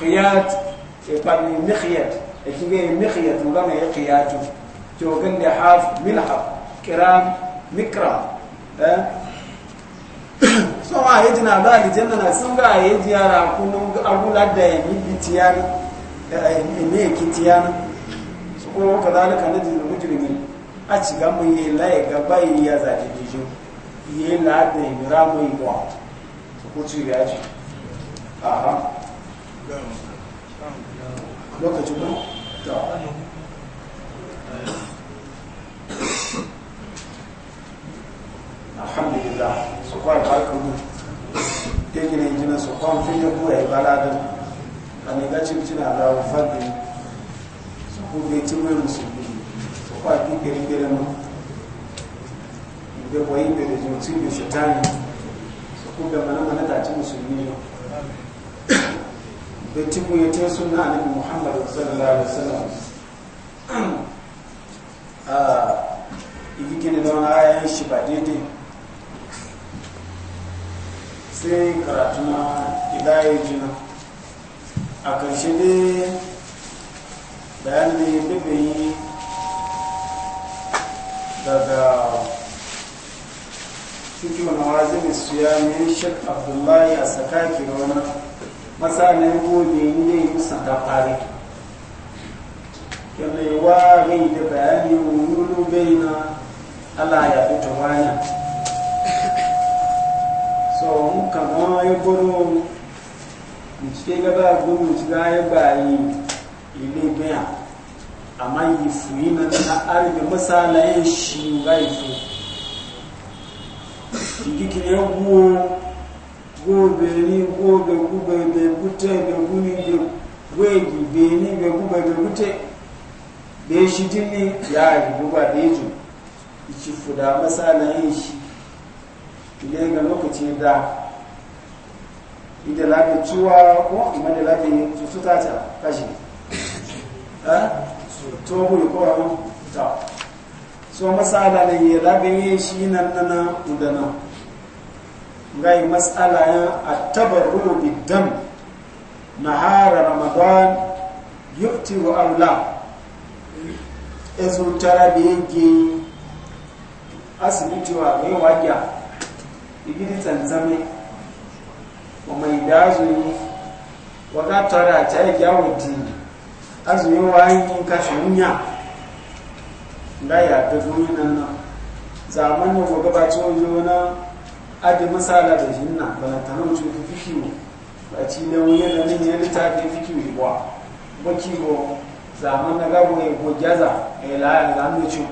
qiyat e pani mikhyat e kige mikhyat mo gama e qiyatu to gande haf milhab kiram mikra eh so a yaji na ba ni janna sun ga yaji kunun agula da yi e bitiyani ne eh, e, e kitiyani su ko kadalika najil mujrimin a ci ga mun yi laye ga bayi ya zaje jijo yi la da yi ramu yi wa su ko ci ya ci aha lokaci ba ta alhamdulillah su kwan kalkalu ta gina gina su kwan fiye kuwa ya baladin a ne gacin cina da fadin su kube timin su biyu su kwan kikirin gidan gari kwayi da da jimci da su kube mana mana tacin musulmi ne da cikin ya suna annabi muhammad sallallahu alaihi wasallam a ah, igikin da wani ayayin shi ba daidai sai karatu na idaye jina a ƙarshe ne bayanin da ya yi daga cikin wani wazirin su ya ne shek abdullahi a sakaki da wani masana gobe ne ya yi musanta fari kyanne wa rai da bayani wuru bai na ala ya fito wani so n kama ya buru n cike gaba guru ci ga ya bayi ile biya amma yi fuyi na na ya masalayen shi ga yi fuyi. Shigikiyar guwo gobe ni gobe be gute be guni be wegi be ni be gube be gute be shi dinni ya yi guba be ju ichi fuda masala yin shi ile ga lokaci da ida labi tuwa ko ima su ta ta ha to ko ta so masala ne ya labi shi nan nan udana ngai mas'ala ya at-tabarru bid-dam nahara ramadan yufti wa aula ezu tarabiyegi asibiti wa ne wajja igidi tsanzame wa mai dazu waga tara ta yi yawon azumi wayin kashi munya da ya ta duniya nan zamanin gaba wajen wani adi masala da jinna balanta na mutum fi fikiyo ba ci ne wani yana ta ya littafi fikiyo ba ba kiwo zaman na gabo ya a ya laya za mu ci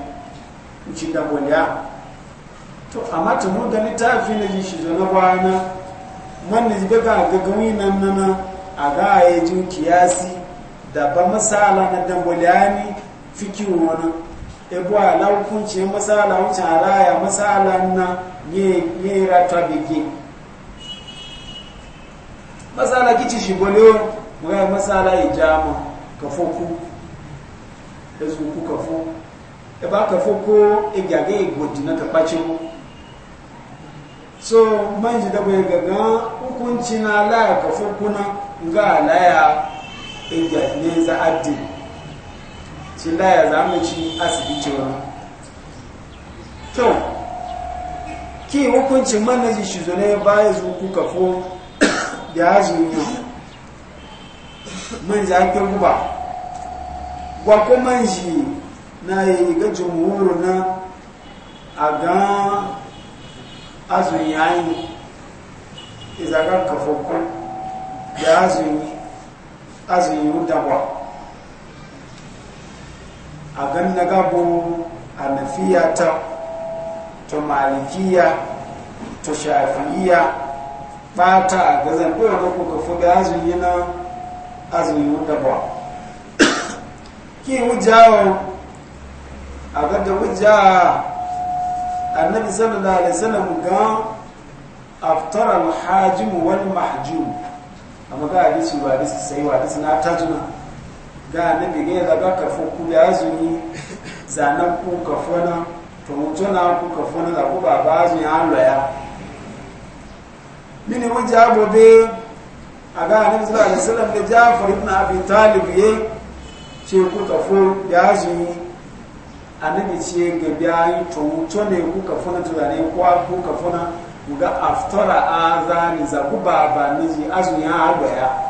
ci da goliya to amma mata mu da fi na ji shi zo na bana man ne ga ga gaggawi nan nan a ga ya ji kiyasi da ba masala na damboliya ne fikiyo wani ebo ala hukunci masala wuce araya masala na ye ratwa bege masala kici shi bole muga masala ijama kafoku ezu ku kafo e ba kafo ko e gage e godi na kapacho so manji da bai gaga hukunci na la kafo kuna ga laya ya e gage ne za ci laya za mu ci asibiti cewa kyau ki hukuncin man na shi zane baya zo ku kafo da ya zo yi man za ke guba wa ko man shi na yi ga jumhuru na a ga azun yayi kafo ku da azun yi azun yi dabwa a gan na gabo a nafiya ta ta malikiya ta shafi'iya bata a gazan ɗaya na kuka fuga azumi na azumi wuta ba ki wujawa a gada wujawa annabi sallallahu alaihi wasallam ga aftara alhajim wal mahjum amma ga hadisi ba hadisi sai wa hadisi na tajuna ga na gige da ga kafu ku ya zuni zanan ku to ku da ku ba ba mini mun jabo be a ga annabi sallallahu alaihi wasallam da Ja'far ibn Abi Talib ye ce ku kafu ya zuni annabi ce ga biyayi to ne ku kafona to zane ku ku ku ga aftara azani za ku ba ba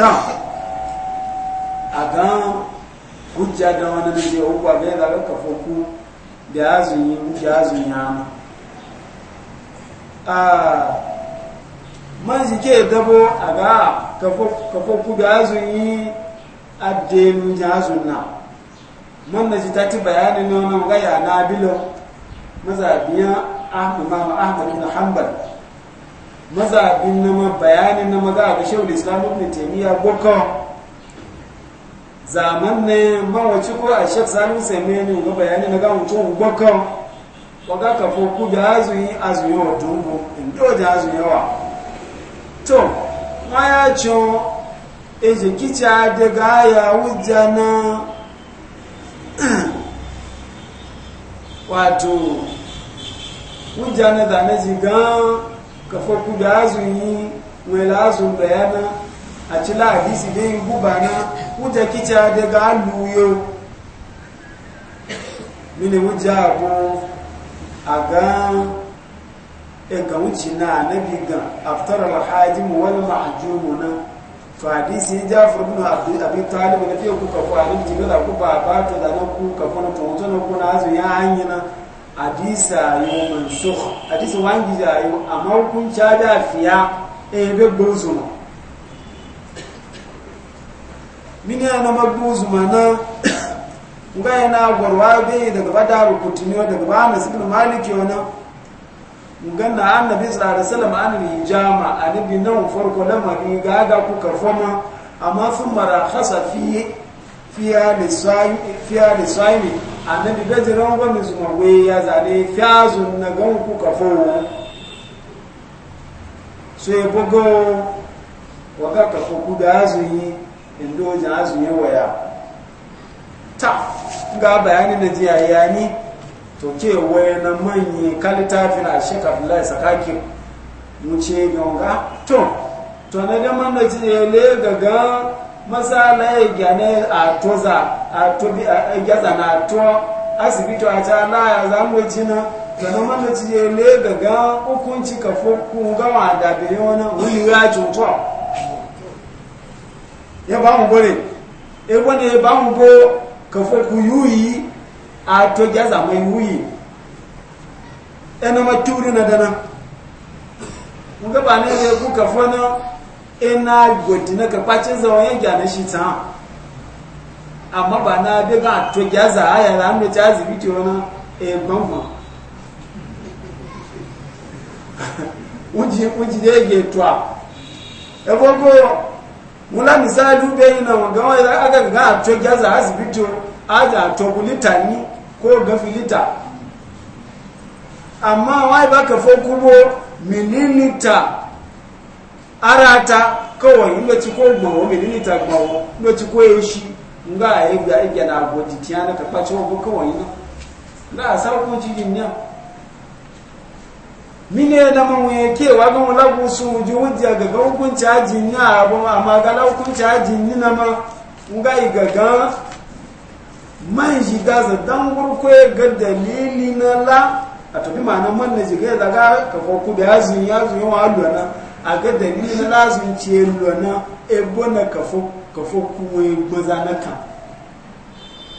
ta a gan hujja da wani da ke hukwa bai da ka foku da ya zunyi hujja ya zunyi hannu a man jike dabo a ga ka foku da ya zunyi adem ya zunna man na ji ta ti bayanin nonon gaya na bilo mazabiyan ahmad ahmad ibn hanbal mazabin na ma bayanin na maga abu shehu da islam ibn taimiyya boko zaman ne mawaci ko a shek salim semeni ga bayani na gawun tun boko waga ka fo ku da azuyi azuyi wa dumbu indo da azuyi wa to ma ya cho eje kicha de ga ya wujana wato wujana da na jigan kafa ku da azumi mai lazun bayana a ci hadisi da yin gubana wuja kica daga aluyo mini wuja abu a ga e ga wuce na anabi ga aftar alhajimu wal mu na fadisi ya jafar bin abin talibu na fiye kuka kwanin jigila ku ba ba ta na ku kafa na tuntun ku na azumi ya hanyina hadisa yo mansukh hadisa wangi jayo amma hukunci da fiya e be gbozuma mini ana magbozuma na nga na gwarwa bai daga badaru ne daga ba na sibin maliki wani ganna annabi sallallahu alaihi wasallam an a anabi nan farko lamari ga ga ku karfama amma sun mara khasa fiya da swami annabi ran gwamnati su mawe ya zane fiyazun na gan ku kafo so ya e bugo waga kafo ku da azunyi indojin yi waya ta ga bayani da jiya yani to ke waya na manyi kalitafin a shekar lai sakakin mu ce ganga to to na da na da jiya le gaga masala ya gyane a toza a tobi a gyaza na to asibiti a ta na za mu ci na ganin mana ci ya le gaga hukunci ka fukun gawa da bai wani wuli ya ya ba mu bore e wani ya ba mu bo ka fukun yuyi a e to gyaza mai yuyi ena maturi na dana mu gaba ne ya kuka na. ina gwadina ka kwacin zawon ya gyana shi ta amma ba na bi ba to gya za a yara an ta azibiti wani egbon ma uji da ya getuwa ebogo mula misali ube yi na wanga wani aka ga a to gya za a azibiti aji a to bulita ni ko ga filita amma wai ba ka fo kubo mililita ara ta kawai in gaci ko gbawo mai nini ta gbawo gaci ko a na gwaji tiya na karɓa cewa ko kawai na na a sarko ya na kewa gawon wula gusu ji wujja ga hukunci ajin ya abu amma ga la hukunci ajin ni na ma in ga man dan na la a tafi ma na man na jiga ya ka ya a ga dalilin lazun ce lona ebo na kafo kafo kuma gbaza na kan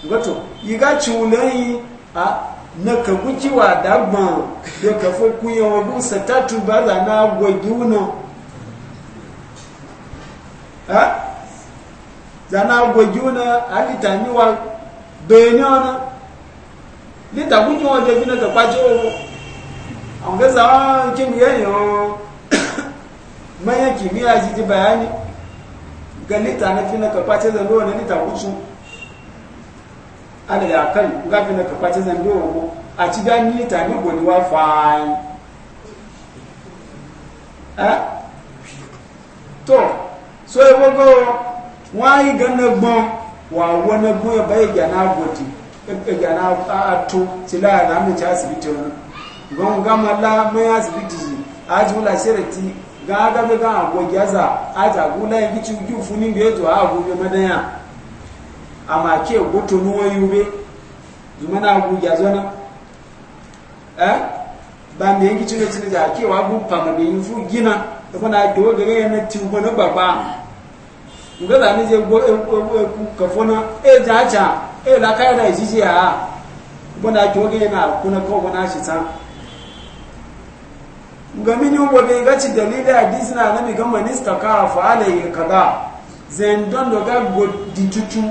gato yi ga cunayi a na ka gukiwa dagban da kafo kuyan wabu satatu ba za na gwagiuna ha za na gwagiuna a litaniwa bayani wana litakunyi wajen gina da kwaje wabu a ga zawa kin yayin manyan kimiyya ji ji bayani ga lita na fi na kaface zando wani lita kucu ana ya kan ga fi na kaface zando wani a ci gani lita ni goni wa fayi to so yi wago wani yi gana gbọn wa wani gbọn ya bayi gana goti gana ato ti la na amince asibiti wani gama la mai asibiti a ji wula shirati gaga aga ga agwo gyaza aja gula yi gici gi funi bi eto agwo bi madanya ama ke goto no yube zumana agwo gyaza na eh ba me gici ne ja ke wa bu yufu gina da kuna do na ti na baba ngo da ni je go ku e e, e, e, e ja ja e la kai da jiji ya bona na kuna ko bona shi gami ni wo wabe gachi dalila dalilin hadisi na nabi ga minista fa, fa'ala ya kaza zen don do ga di tutu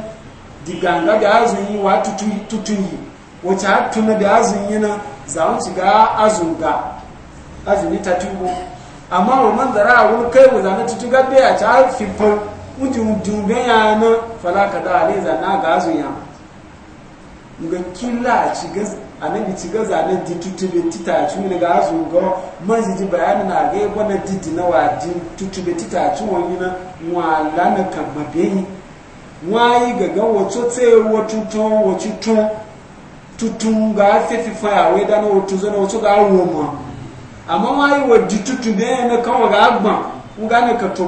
ganga da azun yi wa tutu tutu yi cha hatu na da azun yi na za won ci ga azun ga azun ni ta tubo amma wa man zara a wani kai wa na tutu ga bai a ci har fifan mutum dumbe ya na falaka da ale na ga azun ya nga kila ci gaz ci gaz ana di tutube tita ci ga azu go manji bayani na ga bona didi na wa di tutube tita ci na wa la na kan mabeyi wa yi ga ga wato tse wato to wato to tutun ga fe fi fa we da na wato zo ga wo mo amma wa yi wa di tutube na kan wa ga agban nga ne ka to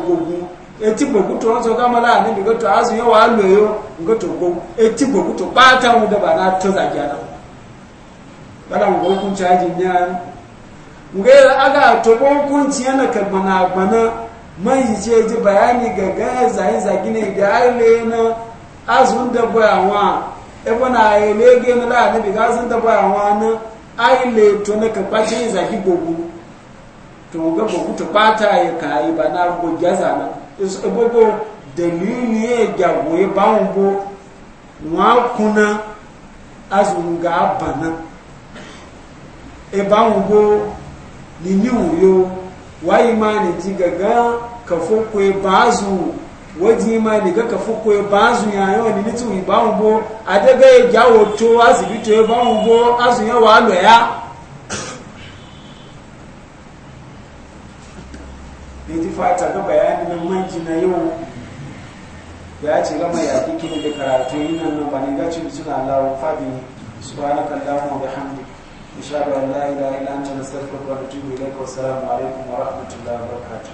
eti gbokuto wọn sọ kámọ́ láàrin níbi gbọ́tọ̀ azu yóò wá lò yóò gbọ́tọ̀ gbó eti gbokuto pátá wọn dọ̀bà náà tó zàgì àná bala wọn gbọ́ kún chaji ní àná ngai aga to gbọ́ kún ci yana ka gbana gbana man yi ce ji anyị ga gaya zai zagi ne ga aile na azun da ya wa ebe na aile ga na la nabi ga azun ya boya wa na aile to na ka kwace zagi gbogbo to ga gbogbo to pátá ya kai ba na gbogbo zana gbogbo dalili ya ba ya bawon bo wakuna ga abana e bawon bo ni wuyo wayi ma ni ji gaga kafo kwe bazu waji ma ni ga kafo kwe bazu ya yo ni ni tu ba bo adega ya gyawo to azibito ya ba bo azun ya wa lo ya ya ji fata ga bayani nan manji na yau ya ce gama ya kike da karatu yin nan nan bani ga cin suna Allah fabi subhanaka allahumma bihamdi inshallah la ilaha illa anta nastaghfiruka wa natubu ilayka wa assalamu alaikum wa rahmatullahi wa barakatuh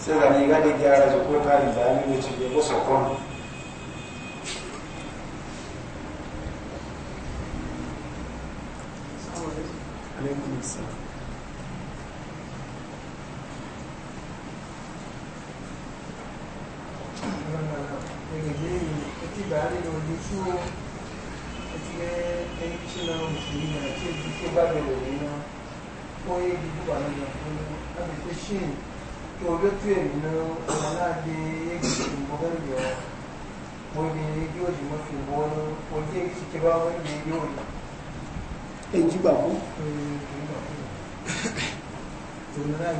sai da ni ga da gyara da ko da ni ne ci ko sokon Thank you, bayani wani ciwo a cikin yanki na na ce ko na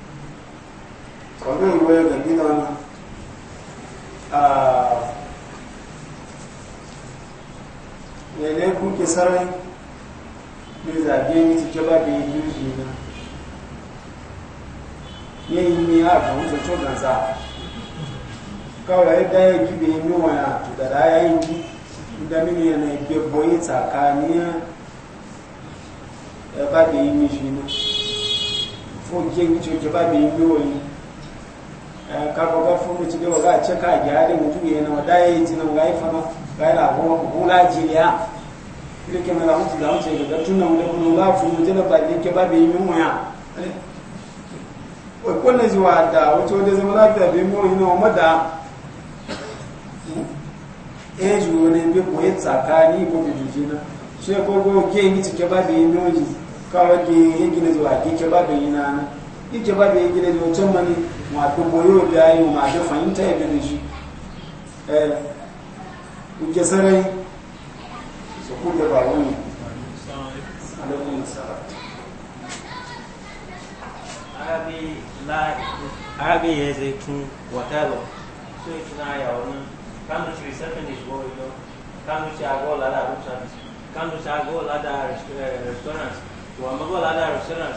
shi ne lele ah, kuke sarai mai zage ni cike ba da yi yuji na ne yi ne a kan wuce cogan sa kawai yadda ya gibe yi nuwa na da raya yi da mini yana ibe boye tsakaniya ya ba da yi yuji na da yi yuji kafa ga furu ci gaba ga ce mutum ya na wada ya yi tina ga yi fama ga yi rago hula jiriya ile ke mala mutu da mutu ga tun nan da kuma mutu ke ba bai yi muya o zuwa da wato da zama lafiya bai mu yi na mada e ju ne tsakani ko ke ci ke ba bai yi muji kawai ke yi gina zuwa ke ba bai yi na ike ba da ya gina da mani ma ta boyo da yi ma ta fahimta ya gani shi eh uke sarai su kuma ba wani alamun nasara arabi ya zai tun so ya tuna ya wani kan shi second is go you kan shi agola da restaurant kan shi agola da restaurant to amma gola da restaurant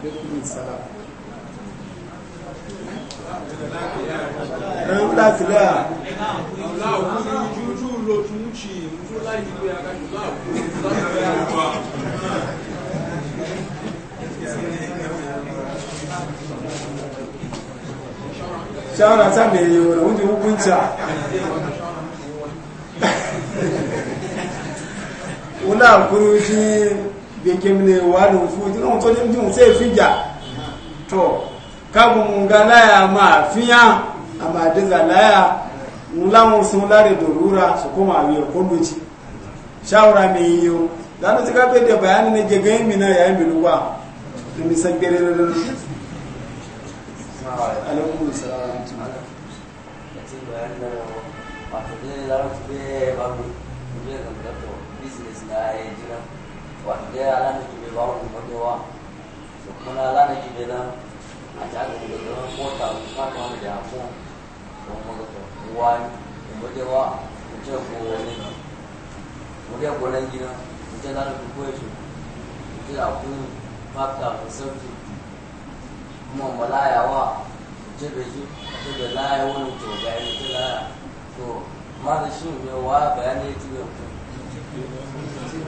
alaikum salam ran lafiya shawara ta mai yiwu da wunde hukunta wula kuruji bekemine wàlùn fún ojú náà tó ní jùn sí ìfìjà tọ̀ káàkùn ga láyà máa fíyàn àmàdéza láyà ń láwọn sun láre dòrúra sọkọ́mà àwẹ̀ ọkọ́ lójì ṣáwọ́ra mi yíyó lánà tí káàkùn dẹ̀ bàyá nínú gẹ́gẹ́ ìmì náà yà ìmì lúwà níbi sẹ́gbẹ̀rẹ̀ lọ́dọ́dọ́ alẹ́kùn ìsàlẹ̀ àti ìbàyá náà pàtàkì lárọ́ ti bẹ́ẹ̀ bá gbé ìgbẹ́ ìgbàgbọ́ bísí wanda ala ne jibe ba wani madewa su kuma ala jibe a ga da zama mota su sa ta wani da ko kuma maga ta wani madewa mu ce ko wani mu ne ko nan gina ce da ko shi ce da fata sauki kuma malayawa ce da shi ce da laya wani to ga ni ce laya to ma da shi ne wa ya ci mutum to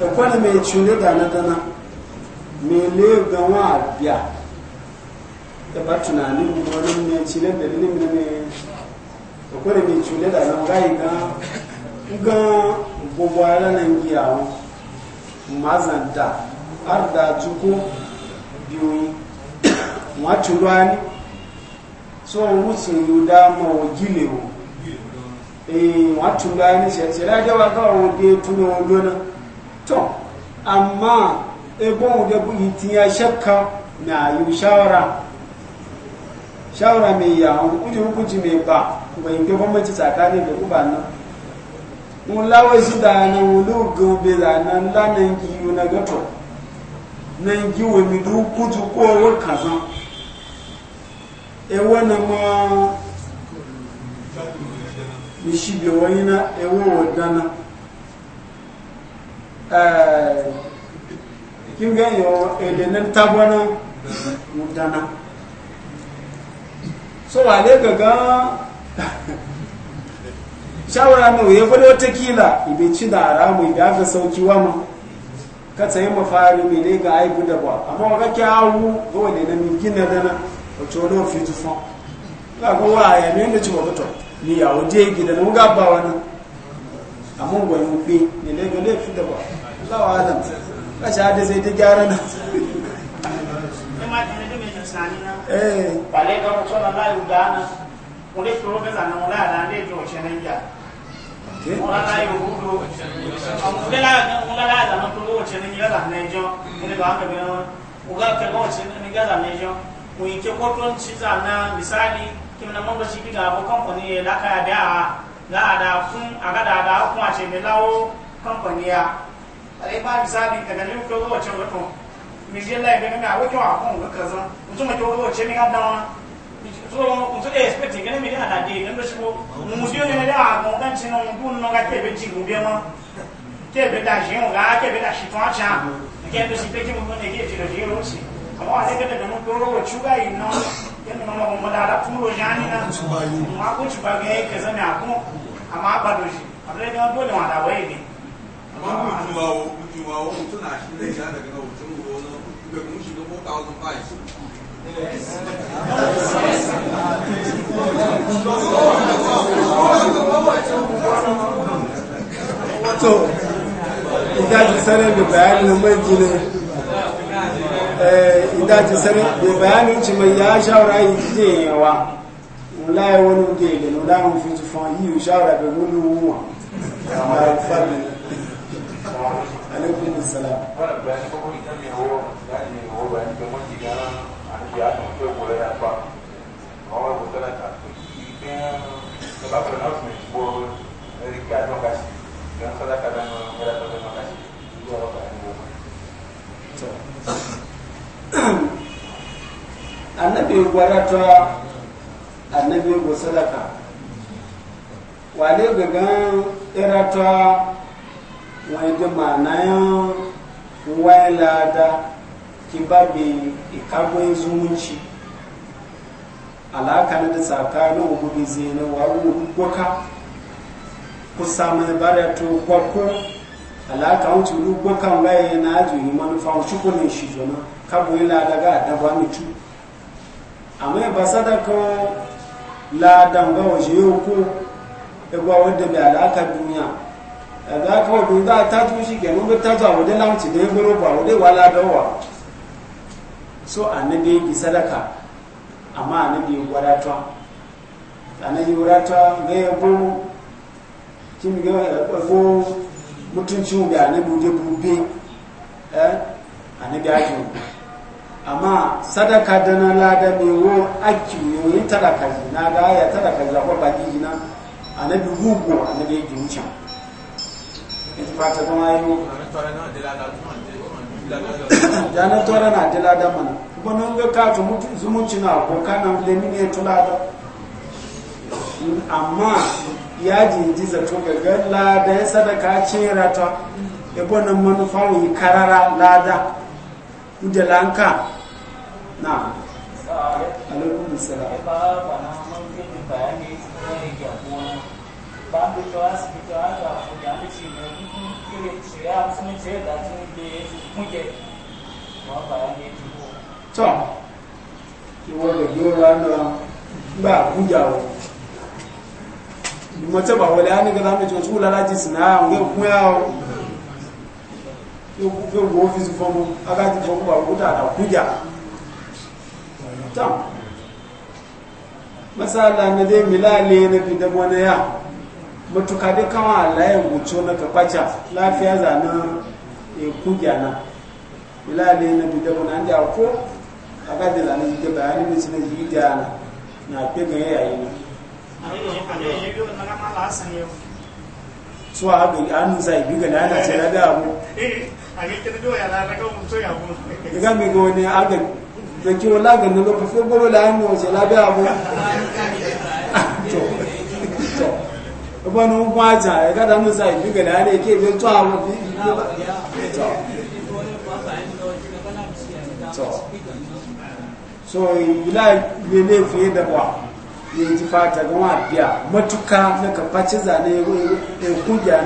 ɗaukwana mai cune da na dana mai lega wa biya da ba ne wani mai cune da lilimin mai ne mai cune da na gayi ga ga gwagwara nan giyawa mazanta har da juko biyoyi wọ́n tún lọ ní so wọ́n sì lù dá mọ́ ògìlè o wọ́n tún lọ ní ṣẹ̀ṣẹ̀ lájọ́ káwọn òde tún ní wọn lónà tọ́ àmọ́ ẹgbọ́n òde ìtìyàn ṣẹ́ka na shawara shawara mai yawon kuje hukunci mai ba tsakanin da uba nan mun lawai da nan na gato nan giwo mi du kuju ewe na ma mishibe wani na ewe wadana eh, kin ga yo edenan tabana mudana so ga gaga shawara mu ya fara wata kila ibe ci da aramu ibe aka sauki wa mu ka tsaye mafari ne ga aibu da ba amma wa kake awu ga wani na mingina dana wato wani mafi tufan ga kun wa ya mai da cewa mutum ni ya waje gida na muga ba wani amma gwani pe ne ne ga laifin da ba lawa adam ka hada sai ta gyara na eh pale ga mutum na layu gana mo le furo ga zana mo la da ne jo shenan ja mo la layu hudu mo le la mo la la da mo to wo ne jo ne ga ga ga ga ga shenan ga ne jo kuike kotonci zana misali kim na mamba shi diga bo company ya da ka da da da kun aga da da kun a ce me lawo company ya ale ba misali daga ni ko go ce wato mi je lai ga na wato a kun ga kaza mutum ko go ce mi ga da so mutum e expect ga mi da da de nan shi ko mu shi ne da ga kan cin nan dun no ga ke be ji gobe ma ke be da shi ga ke be da shi to a cha ke be shi pe ki mu ne ke ti da ji ro shi kama wale kada da mun doro wa chuga ino yana mana wa madara tumuro jani na chubayu ma ko chubage ka zame aku amma ba doji abule da dole ma da waye ne amma ku juwawo ku juwawo mutun na shi ne ya daga na mutun ko no ga mun shi ko 4005 to idan sanar da bayanin majina Eh, inda ci sani da bayanin ci mai ya shawara yi je yawa wala wani ge da nuna mun fi ci yi shawara da wuwa mun diga an ji aka mutu ta annabi gwarata annabi go sadaka wale gagan irata wani ga manayan wani lada ki bi ikagwai zumunci alaka na da tsakanin ububi zina wa rubuka kusa mai barato gwakwa alaka wuce rubukan waye na ajiyoyi manufa wuce kunin shi zona kabo yi lada ga adabwa mutu àmọ́ ẹ̀bá sádàkan ládàǹgbà òṣèré okó ẹgbà wọ́n dẹ̀bẹ̀ àdáka za a ọdún dá tátú sí gẹ̀mú bẹ́ tátú lamci da ya gbọ́rọ̀ ba àwọ̀dé wa ladawa so sadaka, ànẹ́bí yìí sádàkà àmọ́ ànẹ́bí yi ànẹ́bí ga ya bu kí ga ya bu mutuncin da ànẹ́bí wọ́dé bú bí ànẹ́bí ájú amma sadaka da na lada mai wo aki yoyin talaka ji na da ya talaka ji akwai baki a na annabi gugu a na gini can ita fata ta zama yi jana tora na dila da mana kuma nan ga ka zumunci na abokan nan da mini tula da amma ya jinji zato ga lada ya sadaka ce rata ya bonan manufa yi karara lada da lanka na'am alaikum assalam bana ba na mun fi ne ya ba ku to asibita ga ku da ci ne ku kire ci sun ce da sun ke muke ba bayani ne ko to ki wanda gora na ba ku jawo mata ba wale an ga zamu jin tsula laji sina ngai kuma yawo yo ku go office fomo aga ji ko ba ku da da kuja tam masala na dai milale na fi damo na ya matuka dai kawa layin guco na ka kakwacha lafiya zanen kugya na milale na fi damo na an da ko a gadi zanen jike bayani da shi na jiki da na na fi ganye yayi na suwa abin ga an sai ga na ta ce da abu eh a ga do kira doya na ga mutum ya bu ga mi go ne a ga da ke wala ga nuna ku fi gbogbo la hannu labi abu to to ba nun ya kada nun sa ibi ga lare ke to fiye da ba ya ji fata ga wa biya matuka na zane ya kugiya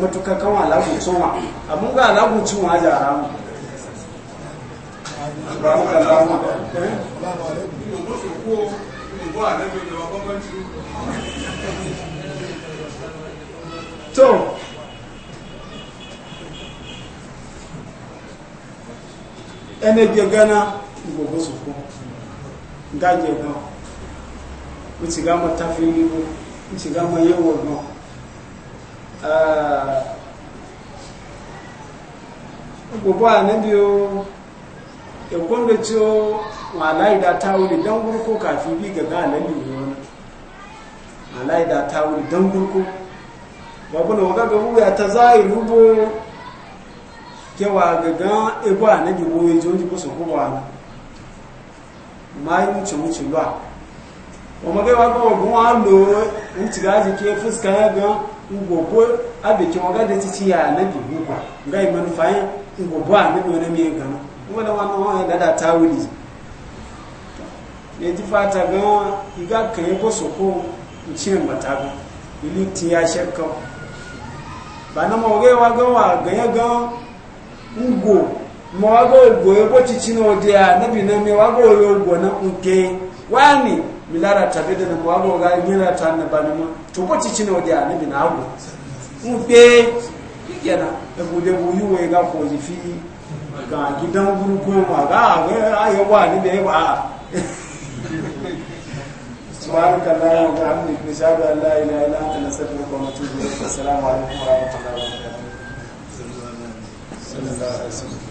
matuka abin ga jara mu àgbàwọ̀ àlàwọ̀ ẹ̀ yòòbó sòkó yòòbó àlẹ́wò ìjọba gọ́ọ̀mẹ́ntì. tó ẹni gbẹ gánà yòòbó ya kwanda ciwo malayi da ta wuri don gurko kafin bi ga ganin lili wani malayi da ta wuri don gurko babu na waga ga wuya ta zai rubo kewa gaga egwa na di wo ejo ndi kuso ko wa ma yi mucho mucho ba o ma ga wa ko wa lo nti ga ji ke fuska ya ga ngo bo abi da wa ga de ti ya na di ga i man fa ngo a ni do na mi wani wani wani da da ta wuli ne ji fata gan iga kan yi bo soko in ci yin bata gan ili ti ya shakka ba na mawurewa gan wa ganye gan ngo ma wa ga ogo ya bo cici na odi ya na bi na mi wa ga oyo ogo na nke wani milara tabi da na ma wa ga oga nyera ta na ba na ma to bo cici na odi ya na bi na agwo nke yana ebudebu yiwe ga ko yi fi ga gidan gurgun ma ga abin ayyar wa ni da ya ba a subhanahu wa ta'ala wa ta'ala ibn allah ila ila ta nasabu wa assalamu alaikum wa rahmatullahi wa barakatuh sallallahu alaihi